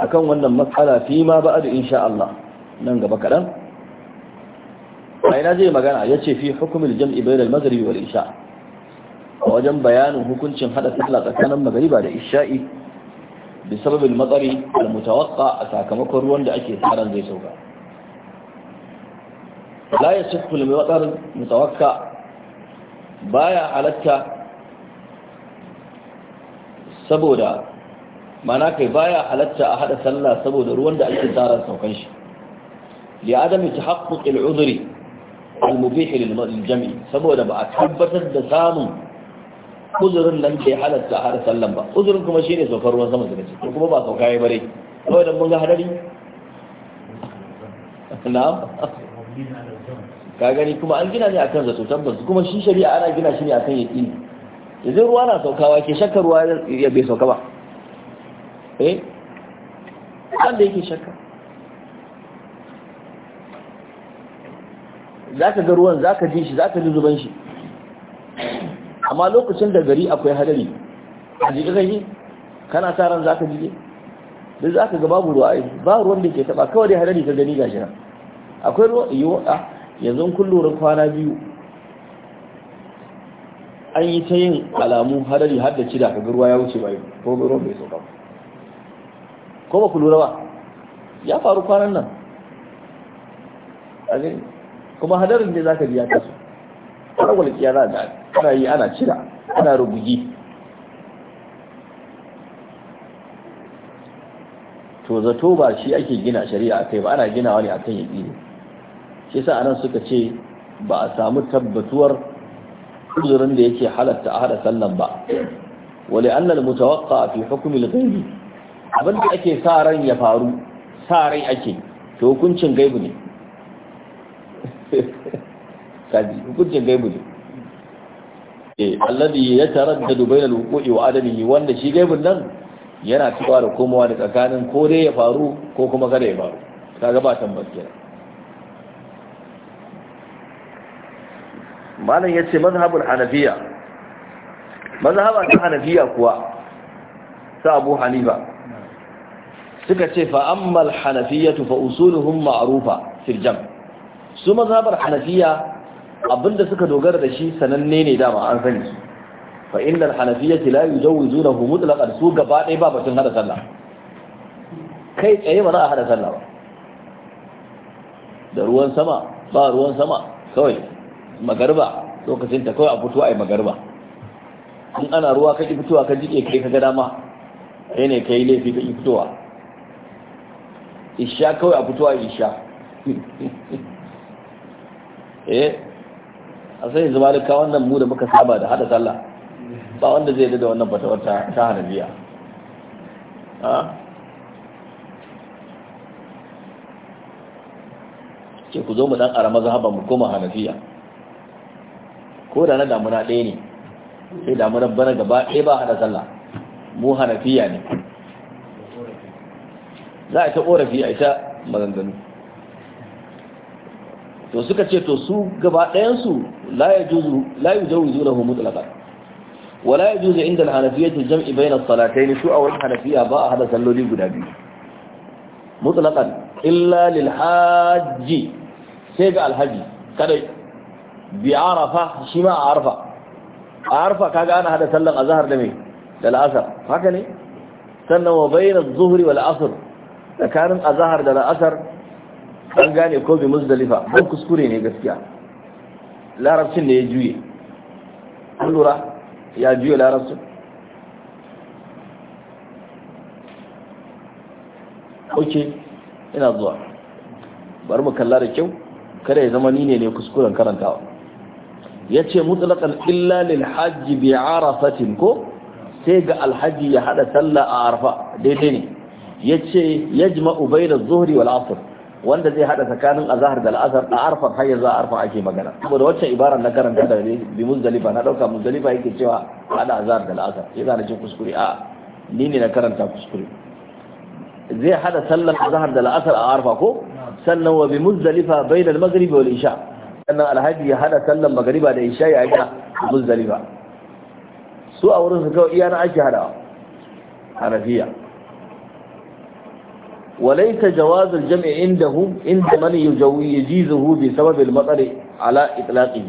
akan wannan matsala fi ma ba'ad insha Allah nan gaba kadan a ina zai magana ya ce fi hukumul jam'i bainal maghribi wal isha a wajen bayanin hukuncin hada sallah tsakanin magriba da isha'i da sababil matsari al mutawaqqa a sakamakon ruwan da ake tsaron zai sauka la yasihhu al matsar mutawaqqa baya halatta saboda mana kai baya halatta a hada sallah saboda ruwan da ake tsaron saukan shi li adami tahaqqu al udhri al-mubihi lil jami saboda ba a tabbatar da samun uzurin nan da ya halatta har sallan ba uzurin kuma shi ne saukar ruwan sama daga ciki kuma ba sauka yayi bare kawai dan mun ga hadari na'am ka gani kuma an gina ne akan zato tabbas kuma shi shari'a ana gina shi ne akan yaqini idan ruwa na saukawa ke shakka ruwa ya bai sauka ba eh kan da yake shakka za ka ga ruwan za ka ji shi za ka ji zuban shi amma lokacin da gari akwai hadari a jiƙi zai kana sa ran za ka ji da za ka ga babu ruwa yi ba ruwan da ke taba kawai dai hadari ka gani gashi nan akwai ruwa yi waɗa ah, yanzu kun lura kwana biyu an yi ta yin alamu hadari har da cida ka ruwa ya wuce bai ko ruwan bai sauka ko ba ku lura ba ya faru kwanan nan a kuma hadarin ne zaka biya ta kasu farwal kiyara da ana yi ana cira ana rubugi to zato ba shi ake gina shari'a kai ba ana gina ne akan yaki ne shi yasa anan suka ce ba a samu tabbatuwar uzurin da yake halatta a hada sallan ba wale annal mutawaqqa fi a al-ghaibi abin da ake sa ran ya faru sa rai ake to hukuncin gaibu ne <laughs> kaji hukuncin gaibu ne eh alladhi yataraddadu bainal wuqu'i wa adami wanda shi gaibun nan yana tuba da komawa da tsakanin ko dai ya faru ko kuma kada ya faru kaga ba tabbas kenan malam yace mazhabul hanafiya mazhaba ta hanafiya kuwa ta abu hanifa suka ce fa ammal hanafiyatu fa usuluhum ma'rufa fil jam' su mazhabar hanafiya abinda suka dogara da shi sananne ne dama an sani fa innal hanafiyyati la yujawizunahu mutlaqan su gaba ɗaya ba batun hada sallah kai tsaye ba za a hada sallah ba da ruwan sama ba ruwan sama kawai magarba lokacin ta kawai a fito a yi magarba in ana ruwa ka fitowa ka jike kai ka ga dama kai ne kai laifi ka fitowa isha kawai a fitowa isha <laughs> eh a sai da wannan mu da muka saba da hada sallah ba wanda zai da wannan fatawar ta ta hanabiya ha ke ku zo mu dan arama zahaba mu koma hanafiya ko da na damuna ɗaya ne sai damuna bana gaba ɗaya ba hada sallah mu hanafiya ne za a ta ƙorafi a ita maganganu to suka ce to su gaba ɗayansu la ya juzu la ya juzu lahu mutlaqa wa la ya juzu inda al-hanafiyyah al-jam'i bayna as-salatayn shu aw al-hanafiyya ba a hada salloli guda biyu mutlaqan illa lil hajji sai ga alhaji kadai bi arafa shi ma a arfa a arfa kaga ana hada sallan azhar da me da la'asar asr haka ne sannan wa bai na zuhri wal-asr tsakanin zahar da la'asar. an gane ko bi muzdalifa ban kuskure ne gaskiya larabcin da ya juye an lura ya juye larabcin ok ina zuwa bari mu kalla da kyau kada ya zama ni ne kuskuren karantawa ya ce mutlaqan illa lil hajji bi arafatin ko sai ga alhaji ya hada sallah a arfa daidai ne ya ce bai da zuhri wal asir wanda zai hada tsakanin azhar da al'asar a arfa har yanzu a arfa ake magana saboda wacce ibara na karanta da bi muzdalifa na dauka muzdalifa yake cewa hada azhar da al'asar yana da cin kuskure a ni ne na karanta kuskure zai hada sallan azhar da al'asar a arfa ko sannan wa bi muzdalifa bayna al-maghrib wal isha sannan alhaji ya hada sallan magriba da isha ya ga muzdalifa su a wurin su kawai iya na ake hadawa hanafiya وليس جواز الجمع عندهم عند من يجيزه بسبب المطر على إطلاقه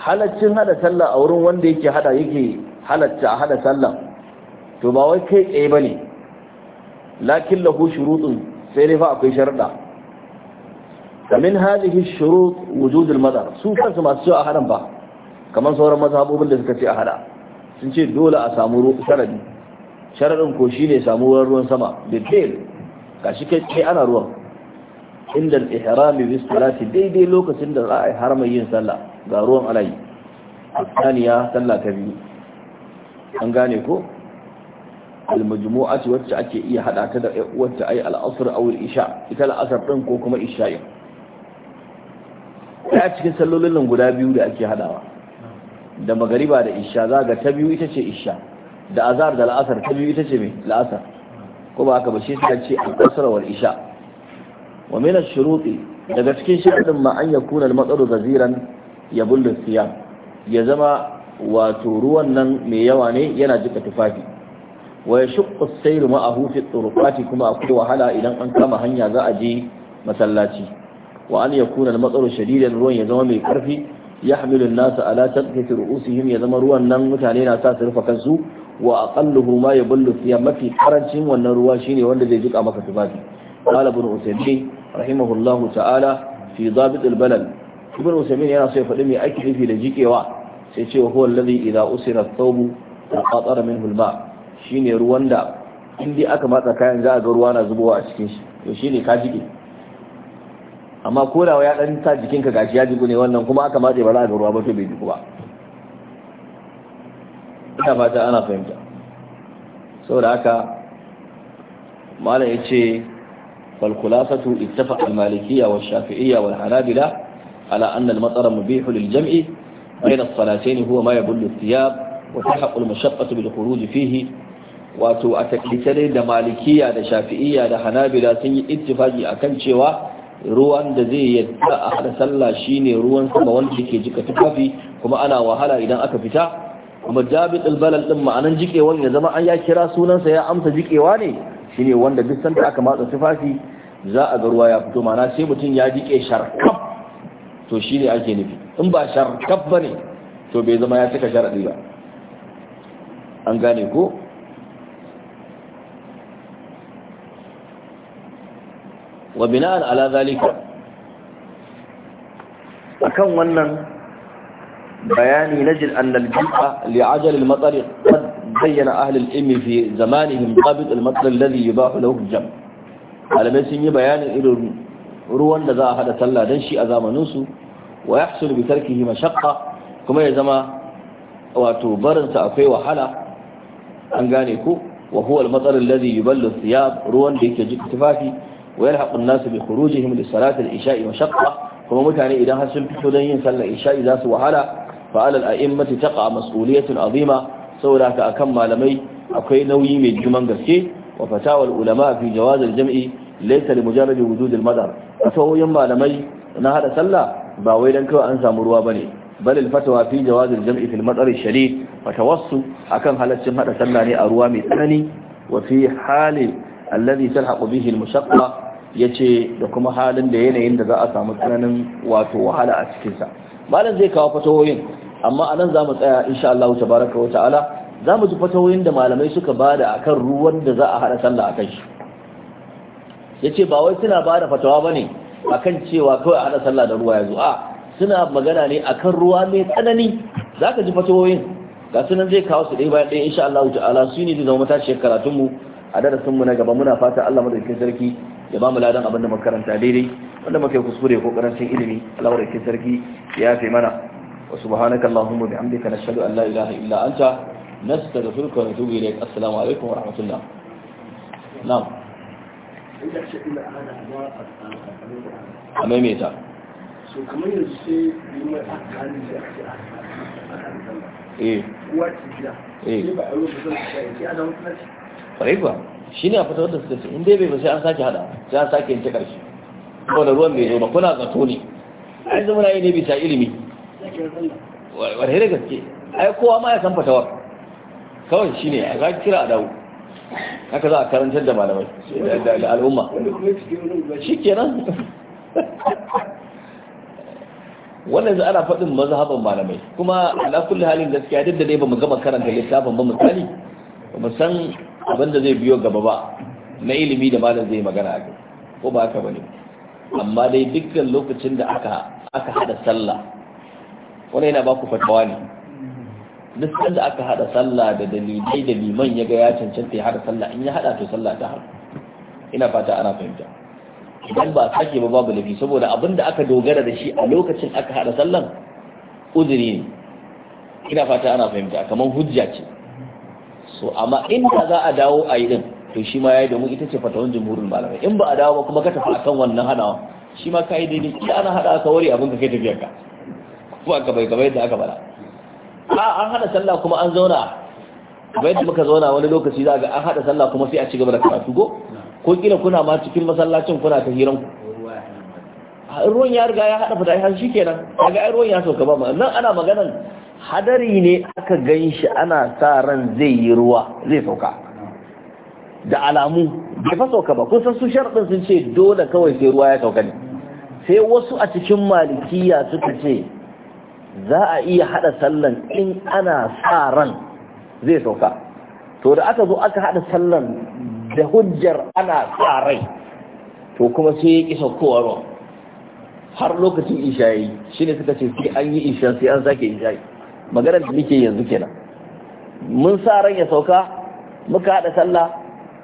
halaccin hada sallah a wurin wanda yake hada yake halacca a hada sallah to ba kai tsaye bane lakin lahu shurutun sai dai fa akwai sharuda kamin hadhihi shurut wujud al-madar su masu cewa a hadan ba kamar sauran mazhabobin da suka ce a hada sun ce dole a samu sanadi shararin ko shine samuwar ruwan sama bidil gashi kai kai ana ruwan inda al-ihrami bi salati daidai lokacin da za a harma yin sallah ga ruwan alayi saniya sallah ta biyu an gane ko al-majmu'ati wacce ake iya hada ta da wacce ai al-asr aw al-isha ita al-asr din ko kuma isha ta cikin sallolin guda biyu da ake hadawa da magariba da isha zaga ta biyu ita ce isha da azhar da la'asar ta biyu ita ce mai la'asar ko ba haka ba shi suka ce al wal isha wa min ash-shuruti daga cikin shirin ma an yakuna al-mataru gaziran yabullu siyam ya zama wato ruwan nan mai yawa ne yana jika tufafi wa yashqu as-sayr ma'ahu fi kuma akwai wahala idan an kama hanya za a je masallaci wa an yakuna al-mataru shadidan ruwan ya zama mai karfi yahmilu an-nasa ala tadhkati ru'usihim ya zama ruwan nan mutane na sa su rufa kansu wa aqalluhu ma yabullu fiya mafi karancin wannan ruwa shine wanda zai jika maka tufafi qala ibn usaymin rahimahullahu ta'ala fi dhabit al-balal ibn usaymin yana so ya faɗi me ake nufi da jikewa sai cewa huwa alladhi idha usira ath-thawb taqatara minhu al-ma shine ruwan da in aka matsa kayan za a ga ruwa na zubowa a cikin shi to shine ka jike amma kodawa ya dan sa jikinka gashi ya jigu ne wannan kuma aka matse ba za a ga ruwa ba to bai jiku ba ina fata ana fahimta saboda haka malam yace fal khulasatu ittafaqa al malikiyya shafi'iyya wal hanabila ala anna matsara mubih lil jam'i bayna as salatayn huwa ma yabullu thiyab wa tahaqqu al mashaqqatu bil khuruj fihi wato a taklice dai da malikiya da shafi'iyya da hanabila sun yi ittifaki akan cewa ruwan da zai yadda a hada sallah shine ruwan sama wanda yake jika tufafi kuma ana wahala idan aka fita kuma jabit albalal din ma'anan jikewan ya zama an ya kira sunansa ya amsa jikewa ne shine wanda duk sanda aka matsa tufafi za a ga ruwa ya fito ma'ana sai mutum ya jike sharkaf to shine ake nufi in ba sharkaf bane to bai zama ya cika sharadi ba an gane ko wa bina'an ala zalika akan wannan بيان نجد أن الجمع لعجل المطر قد بين أهل العلم في زمانهم ضابط المطر الذي يباح له الجمع على ما سمي بيان إلى ruwan da za a hada sallah dan shi a zamaninsu wa ya hasulu bi tarkihi mashaqqa kuma ya zama wato barinsa akwai wahala an gane ko wa huwa al-matsar alladhi yuballu ruwan da yake jiki tufafi wa yalhaqu an-nasu bi khurujihim li salati al-isha'i mashaqqa kuma mutane idan har sun fito don yin sallar isha'i zasu wahala fa alal a'immati a mas'uliyatun azima saboda haka akan malamai akwai nauyi mai juman gaske wa fatawar ulama fi jawaz jami laysa li mujarrad wujud al-madar malamai na haɗa sallah ba wai don kawai an samu ruwa ba ne. Balil fatawa fi jawaz jami fi al shari fata wasu akan halaccin haɗa sallah ne a ruwa mai tsanani wa fi hali alladhi talhaqu bihi al-mushaqqa yace da kuma halin da yanayin da za a samu tsananin wato wahala a cikin sa malam zai kawo fatawoyin amma anan za mu tsaya insha Allah tabaraka wa ta'ala za mu ji fatawoyin da malamai suka bada akan ruwan da za a hada sallah akan shi yace ba wai suna bada fatawa bane akan cewa kawai a hada sallah da ruwa yazo a suna magana ne akan ruwa mai tsanani zaka ji fatawoyin ga sunan zai kawo su ɗaya bayan ɗaya insha Allah ta'ala su ne da zama karatun mu a darasin mu na gaba muna fata Allah madaukakin sarki ya ba mu ladan abin da muka karanta daidai wanda muka yi kuskure ko karancin ilimi Allah da sarki ya fi mana wa subhanaka allahumma bihamdika nashhadu an la ilaha illa anta nastaghfiruka wa natubu ilayk assalamu alaikum wa rahmatullah na'am a maimaita so kamar yanzu sai yi mai akali da ake akali a eh. kan zama kuwa ce gida eh. ba a yi wa kusan da ba ne a fitar da suka ce in dai bai ba sai an sake hada sai an sake yin ta ko da ruwan bai zo ba kuna zato ne ai zama yi ne bisa ilimi wadda da gaske yi kowa ma ya san fatawar kawai shine a ga kira a dawo haka za a karantar da malamai da al'umma shikenan wannan yanzu ana faɗin mazhaban malamai kuma na kulle halin gaskiya duk da dai bamu gama karanta littafin ba misali ba san abinda zai biyo gaba ba na ilimi da malam zai magana a ko ba haka bane amma dai dukkan lokacin da aka aka hada sallah wani yana baku fatawa ne duk sanda aka hada sallah da dalilai da liman ya ga ya cancanta ya hada sallah in ya hada to sallah ta har ina fata ana fahimta idan ba sake ba babu lafi saboda abin da aka dogara da shi a lokacin aka hada sallan uzuri ne ina fata ana fahimta kamar hujja ce so amma inda za a dawo a yi din to shi ma ya yi domin ita ce fatawan jimurin malamai in ba a dawo ba kuma ka tafi akan wannan hadawa shi ma ka yi dini ki ana hada aka wari abin ka kai tafiyar ka kuma ka bai gaba yadda aka bala a an hada sallah kuma an zauna kamar yadda muka zauna wani lokaci za ga an hada sallah kuma sai a ci gaba da karatu go ko kila kuna ma cikin masallacin kuna ta hiran ku ruwan ya riga ya hada fita shi kenan kaga ai ruwan ya sauka ba nan ana maganan hadari ne aka gan shi ana sa ran zai yi ruwa zai sauka da alamu bai fa sauka ba kun san su sharɗin sun ce dole kawai sai ruwa ya sauka ne sai wasu a cikin malikiya suka ce za a iya hada sallan in ana sa ran zai sauka to da aka zo aka haɗa sallan da hujjar ana sa rai to kuma sai ya kisa kowa ruwa har lokacin shi shine suka ce sai an yi isha sai an sake yi. maganar da muke yanzu kenan mun sa ran ya sauka muka haɗa sallah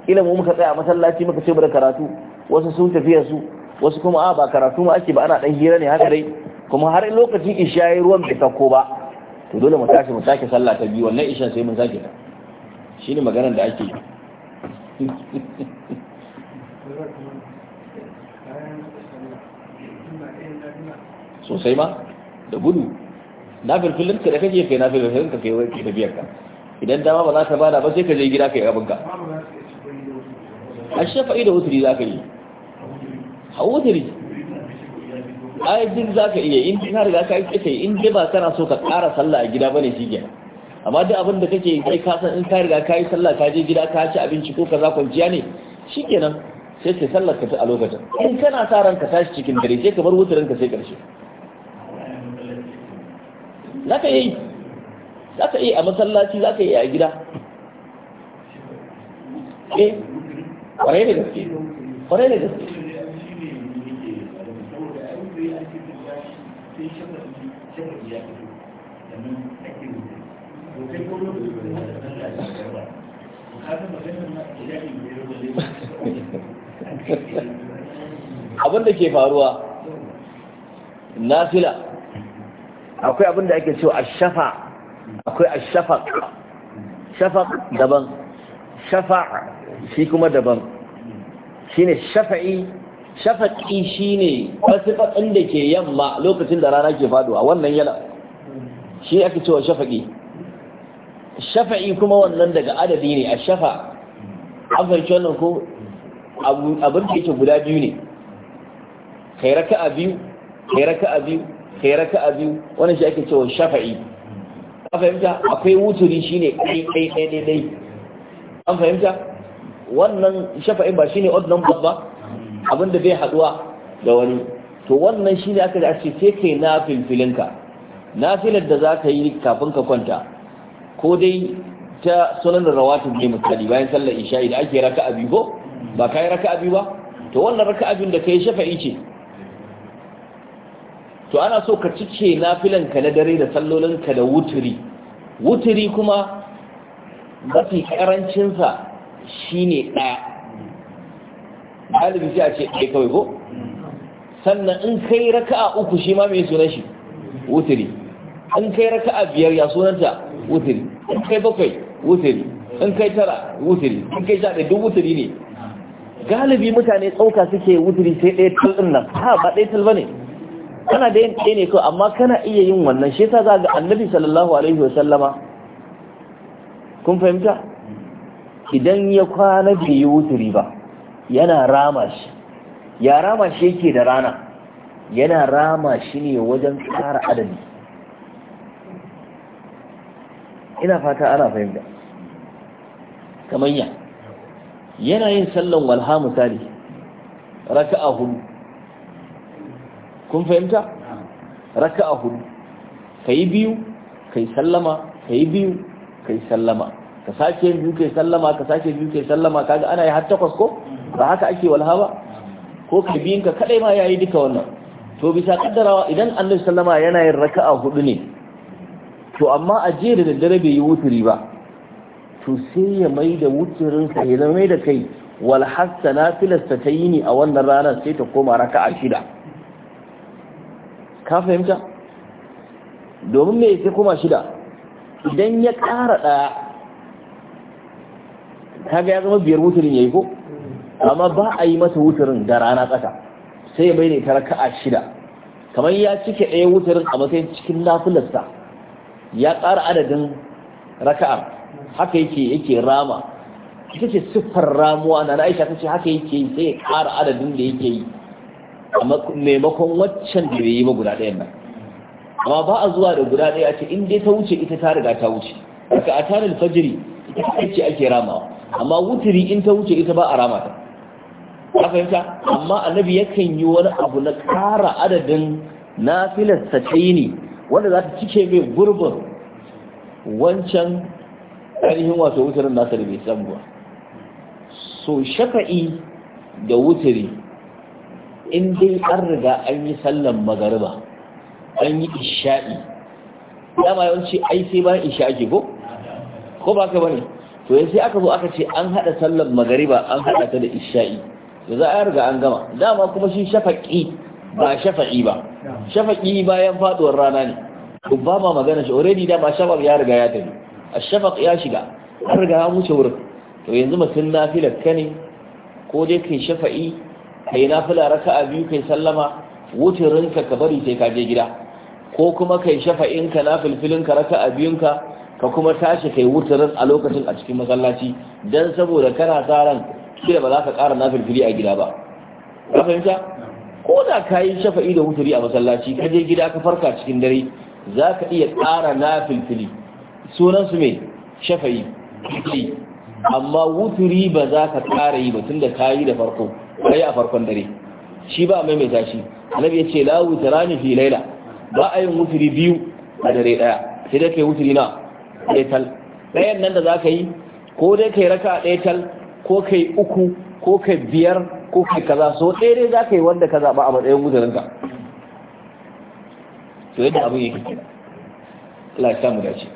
kila mu muka tsaya a masallaci muka ce da karatu wasu sun tafiya su wasu kuma a ah, ba karatu ma ake ba ana dan hira ne haka dai kuma har lokacin isha yi ruwan bai sako ba to dole mu tashi mu sake sallah ta biyu wannan isha sai mun sake ta shine maganar da ake <laughs> sosai ma da gudu na filfilin ka da kake kai na filfilin ka kai wai ke tafiyar ka idan dama ba za ka bada ba sai ka je gida ka yi abinka a shafa'i da wuturi za ka yi a wuturi ai duk za ka iya in ka riga ka yi kai in dai ba kana so ka ƙara sallah a gida bane shige amma duk abin da kake kai ka san in ka riga ka yi sallah ka je gida ka ci abinci ko ka za kwanciya ne shikenan sai ka sallar ka ta a lokacin in kana sa ranka tashi cikin dare sai ka bar wuturin ka sai karshe za ka yi za ka yi a masallaci za ka yi a gida eh kwarai da gaske kwarai da gaske abin da ke faruwa nafila akwai abin da ake cewa ashafa akwai ashafaq shafaq daban shafa'a shi kuma daban shine shafa'i shafaqi shine fasifatin da ke yamma lokacin da rana ke faduwa wannan yana shi ake cewa shafaqi shafa'i kuma wannan daga adadi ne a shafa an fahimci wannan ko abin da yake guda biyu ne kai raka'a biyu kai raka'a biyu kai a biyu wani shi ake cewa shafa'i an fahimta akwai wuturi ne ɗai ɗai ɗai ɗai an fahimta wannan shafa'i ba ne odd number ba abinda bai haduwa da wani to wannan shi ne aka da ce sai kai na filfilinka nafilar da za ka yi kafin ka kwanta ko dai ta sunan rawatib ne misali bayan sallar isha'i da ake a biyu ko ba ka raka a biyu ba to wannan raka abin da kai shafa'i ce to ana so ka cike nafilanka na dare da sallolinka da wuturi wuturi kuma mafi karancinsa shine ɗaya galibi sai a ce ɗaya kawai ko sannan in kai raka'a uku shi ma mai sunan shi wuturi in kai raka'a biyar ya sunanta wuturi in kai bakwai wuturi in kai tara wuturi in kai sha duk wuturi ne galibi mutane tsauka suke wuturi sai ɗaya tal nan ha ba ɗaya talba ne kana da yin ɗaya ne kawai amma kana iya yin wannan shi ta zaga ga annabi sallallahu alaihi wa sallama kun fahimta idan ya kwana da yi wuturi ba yana rama shi ya rama shi yake da rana yana rama shi ne wajen tsara adadi ina fata ana fahimta kamar yana yin sallon walha misali raka'a hudu kun fahimta raka'a hudu kai biyu kai sallama kai biyu kai sallama ka sake biyu kai sallama ka sake biyu kai sallama kaga ana yi har takwas ko ba haka ake walhaba? ko ka biyun ka kadai ma yayi duka wannan to bisa kaddarawa idan annabi sallama yana yin raka'a hudu ne to amma a jere da dare bai yi wuturi ba to sai ya mai da wuturin sa ya mai da kai wal hasana filasta ta yi ni a wannan ranar sai ta koma raka'a shida ka fahimta domin me sai kuma shida idan ya ƙara ɗaya kaga ya zama biyar wuturin ya yi ko amma ba a yi masa wuturin da rana tsaka sai ya bai ne ta raka'a shida kamar ya cike ɗaya wuturin a matsayin cikin lafulasta ya ƙara adadin raka'a haka yake yake rama ita ce siffar ramuwa na Aisha ta ce haka yake sai ya ƙara adadin da yake yi maimakon waccan da bai yi ba guda ɗayan nan amma ba a zuwa da guda ɗaya ce in dai ta wuce ita ta riga ta wuce daga a tanar fajiri ita ce ake ramawa amma wuturi in ta wuce ita ba a rama ta a fahimta amma annabi yakan yi wani abu na ƙara adadin na filasta ta yi ne wanda za ta cike mai gurbin wancan ainihin wato wuturin nasa da bai san ba so shakai da wuturi in dai an riga an yi sallan magariba an yi isha'i dama yawanci ai sai bayan isha ake ko ko ba ka bane to yanzu sai aka zo aka ce an hada sallan magariba an hada ta da isha'i za a riga an gama dama kuma shi shafaqi ba shafa'i ba shafaqi bayan faduwar rana ne to ba ma magana shi already dama shafaq ya riga ya tafi shafaq ya shiga an riga ya wuce wurin to yanzu mutum nafilar ka ne ko dai kai shafa'i kai raka raka'a biyu kai sallama wuturinka ka bari sai ka je gida ko kuma kai shafa'inka na filfilinka raka'a biyunka ka kuma tashi kai wucirin a lokacin a cikin masallaci dan saboda kana tsaran kira ba za ka kara na filfili a gida ba ka fahimta ko da ka yi shafa'i da wuturi a masallaci ka je gida ka farka cikin dare za ka iya tsara na filfili sunansu mai shafa'i amma wuturi ba za ka tsara yi ba tun da ka yi da farko kai a farkon dare shi ba mai mai tashi annabi yace la wutrani fi laila ba a yin wutri biyu a dare daya sai dai kai wutri na ɗaya tal ɗayan nan da za ka yi ko dai kai raka ɗaya tal ko kai uku ko kai biyar ko kai kaza so ɗaya dai za ka yi wanda ka zaɓa a matsayin ka to yadda abin yake kira Allah ya samu dace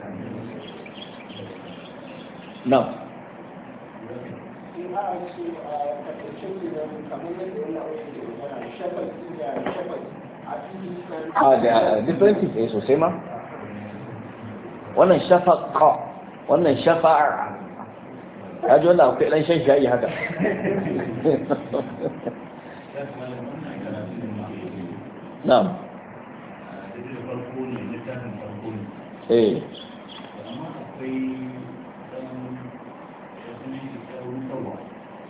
a ah, da ah, differences ɗaya eh, sosai ma wannan shafaƙa wannan shafa'ar ya ji wannan akwai ɗan shan shayi haka <laughs> na'am eh.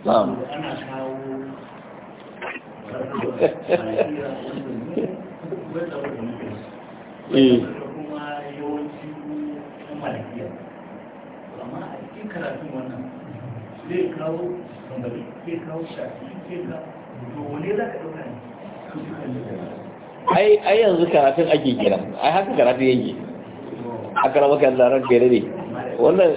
na'am Eh. ai yanzu karatun ake gina, ai haka karatun yake a kan larar gare ne wannan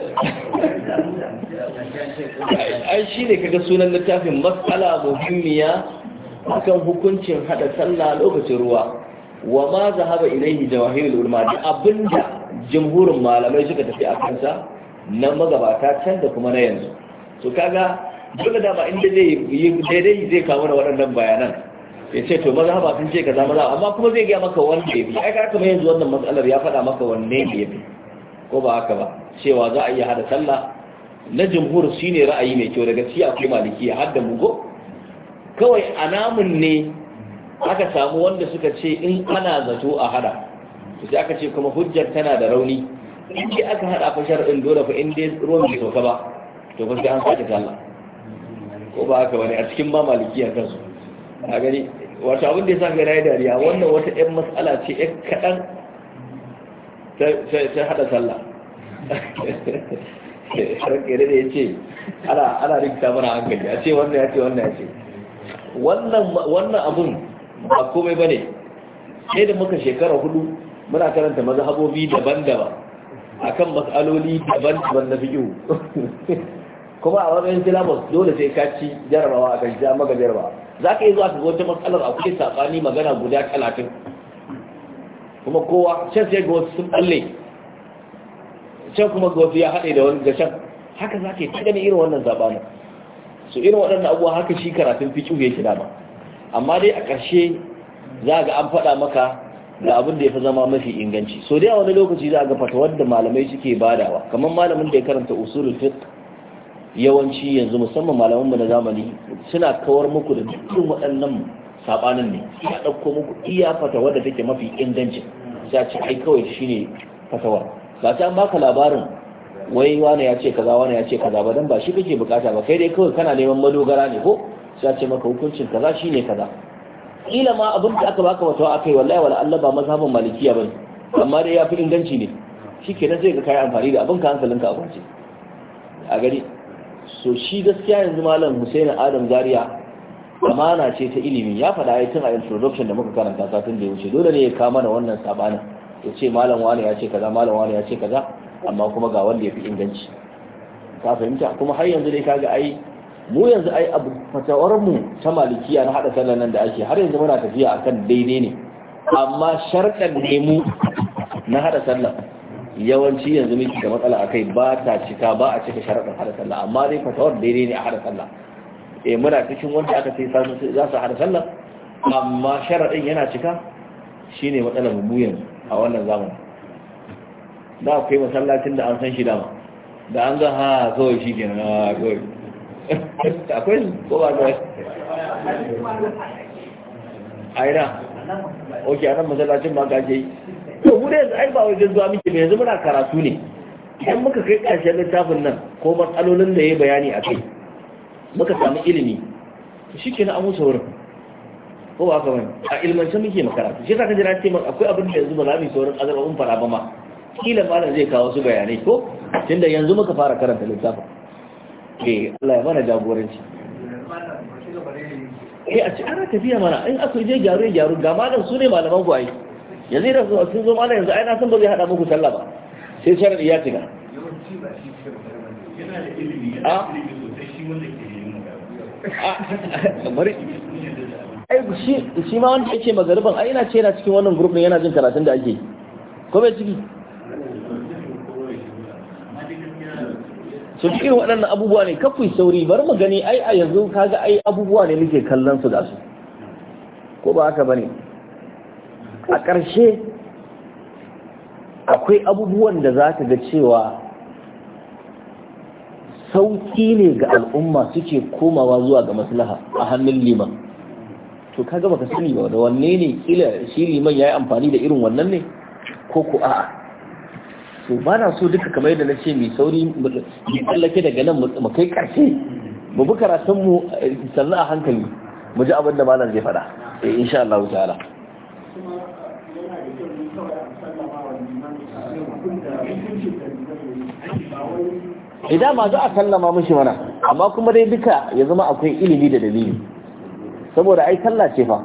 ai shi ne kaga sunan littafin matsala muhimmiya akan hukuncin hada sallah lokacin ruwa wa ma zahaba ilaihi jawahirul ulama da abinda jumhurin malamai suka tafi a kansa na magabata can da kuma na yanzu to kaga dole da ba inda zai daidai zai kawo da waɗannan bayanan ya ce to mazhaba sun ce kaza maza amma kuma zai gaya maka wanda ya fi ai ka yanzu wannan matsalar ya faɗa maka wanne ne ya fi ko ba haka ba cewa za a iya hada sallah na jumhur shine ra'ayi mai kyau daga ci akwai maliki har da mugo kawai anamun ne aka samu wanda suka ce in ana zato a hada sai aka ce kuma hujjar tana da rauni in ce aka hada fa shar'in dole fa in dai ruwan bai sauka ba to fa sai an sake sallah ko ba haka bane a cikin ma malikiyar kansu a gani wata abin da ya saka gani dariya wannan wata yan mas'ala ce yan kaɗan ta hada sallah <laughs> rankere da ya ce ana rikita mana hankali a ce wannan ya ce wannan ya ce wannan abun ba komai ba ne sai da muka shekara hudu muna karanta mazhabobi daban-daban akan matsaloli daban-daban na biyu <laughs> kuma a wajen syllabus dole sai ka ci jarabawa a kan shi ga jarabawa za ka yi zuwa ka wata matsalar kai sabani magana guda talatin kuma kowa can sai ga wasu sun tsalle can kuma ga wasu ya haɗe da wani gashan haka za ka yi ta gani irin wannan saɓanin su irin waɗannan abubuwa haka shi karatun fiƙi yake dama amma dai a ƙarshe za ga an faɗa maka ga abin da ya fi zama mafi inganci so dai a wani lokaci za ga fatawar da malamai suke badawa kamar malamin da ya karanta usulul fiqh yawanci yanzu musamman malaman mu na zamani suna kawar muku da dukkan waɗannan sabanin ne ya ɗauko muku iya fatawar da take mafi inganci za ci ai kawai shine fatawar ba ta an baka labarin wai wani ya ce kaza wani ya ce kaza ba dan ba shi kake bukata ba kai dai kawai kana neman madogara ne ko sai ce maka hukuncin kaza shine kaza kila ma abin da aka baka wata akai wallahi wala Allah ba mazhabin malikiya bane amma dai yafi inganci ne shikenan zai ga kai amfani da abin ka hankalin ka abunci a gari so shi gaskiya yanzu malam Hussein Adam Zaria amana ce ta ilimi ya faɗa a tun a introduction da muka karanta satun da ya wuce dole ne ya kama mana wannan sabanin ya ce malam wani ya ce kaza malam wani ya ce kaza amma kuma ga wanda ya fi inganci ka fahimta kuma har yanzu dai kaga ai mu yanzu ai abu fatawar mu ta malikiya na hada sallan nan da ake har yanzu muna tafiya akan daidai ne amma sharkan ne mu na hada sallan yawanci yanzu miki da matsala akai ba ta cika ba a cika sharaɗin hada sallah amma dai fatawar daidai ne a hada sallah eh muna cikin wanda aka sai za su hada sallah amma sharadin yana cika shine matsalar mu yanzu a wannan zamanin da akwai masallacin da an san shi dama da an ga ha kawai shi kenan kawai akwai ko ba da aina ok anan masallacin ma gaje to mu da yanzu ai ba wajen zuwa muke ba yanzu muna karatu ne idan muka kai ƙarshen littafin nan ko matsalolin da ya yi bayani a kai muka samu ilimi to shi kenan an wuce wurin ko ba kamar a ilmance muke makaratu shi sa kan jira ce akwai abin da yanzu ba za mu yi saurin azababin fara ba ma kila malam zai kawo su bayanai ko tunda yanzu muka fara karanta littafin eh Allah ya mana jagoranci eh a ce ana tafiya mana in aka je gyaru ya gyaru ga malam su ne malaman ku ai yanzu da su sun zo malam yanzu ai na san ba zai hada muku sallah ba sai sharadi ya tiga ah? ah, <laughs> shi ma wanda yake magariban ai ina ce yana cikin wannan group ne yana jin karatun da ake ko bai ciki to irin waɗannan abubuwa ne kafin sauri bar mu gani ai a yanzu kaga ai abubuwa ne muke kallon su da su ko ba haka bane a ƙarshe akwai abubuwan da za ka ga cewa sauƙi ne ga al'umma suke komawa zuwa ga maslaha a hannun liman to kaga baka sani ba da wanne ne kila shi liman ya yi amfani da irin wannan ne ko ku a'a su ba na so duka kamar yadda na ce mai sauri mai tsallake daga nan mu kai ƙarshe mu karatun mu sannu a hankali mu ji abin da malam zai faɗa eh, insha Allah ta'ala idan eh, ma za a sallama mashi mana amma kuma dai duka ya zama akwai ilimi da dalili saboda ai sallah ce fa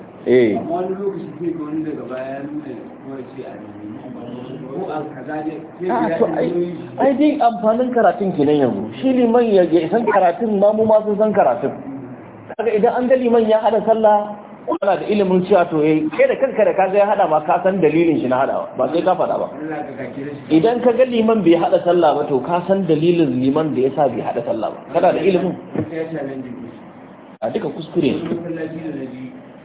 eh wani lokaci zai wani daga baya nuna kowace a ai dai amfanin karatun kenan yanzu shi liman ya san karatun ma mu sun san karatun kaga idan an ga liman ya hada sallah kana da ilimin cewa to yayi eh, kai da kanka da ka ya hada ma ka san dalilin shi na hadawa ba sai ka fada ba idan ka ga liman bai hada sallah ba to ka san dalilin liman da yasa bai hada sallah ba kana da ilimin a duka kuskure ne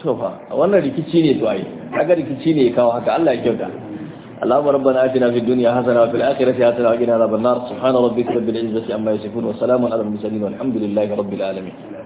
tofa wannan rikici ne tuwai haka rikici ne kawo haka Allah ya kyauta Allahumma rabbana atina fid dunya hasana wa fil akhirati hasana wa qina adhaban nar subhana rabbika rabbil izzati amma yasifun wa salamun salaman al mursalin walhamdulillahi rabbil alamin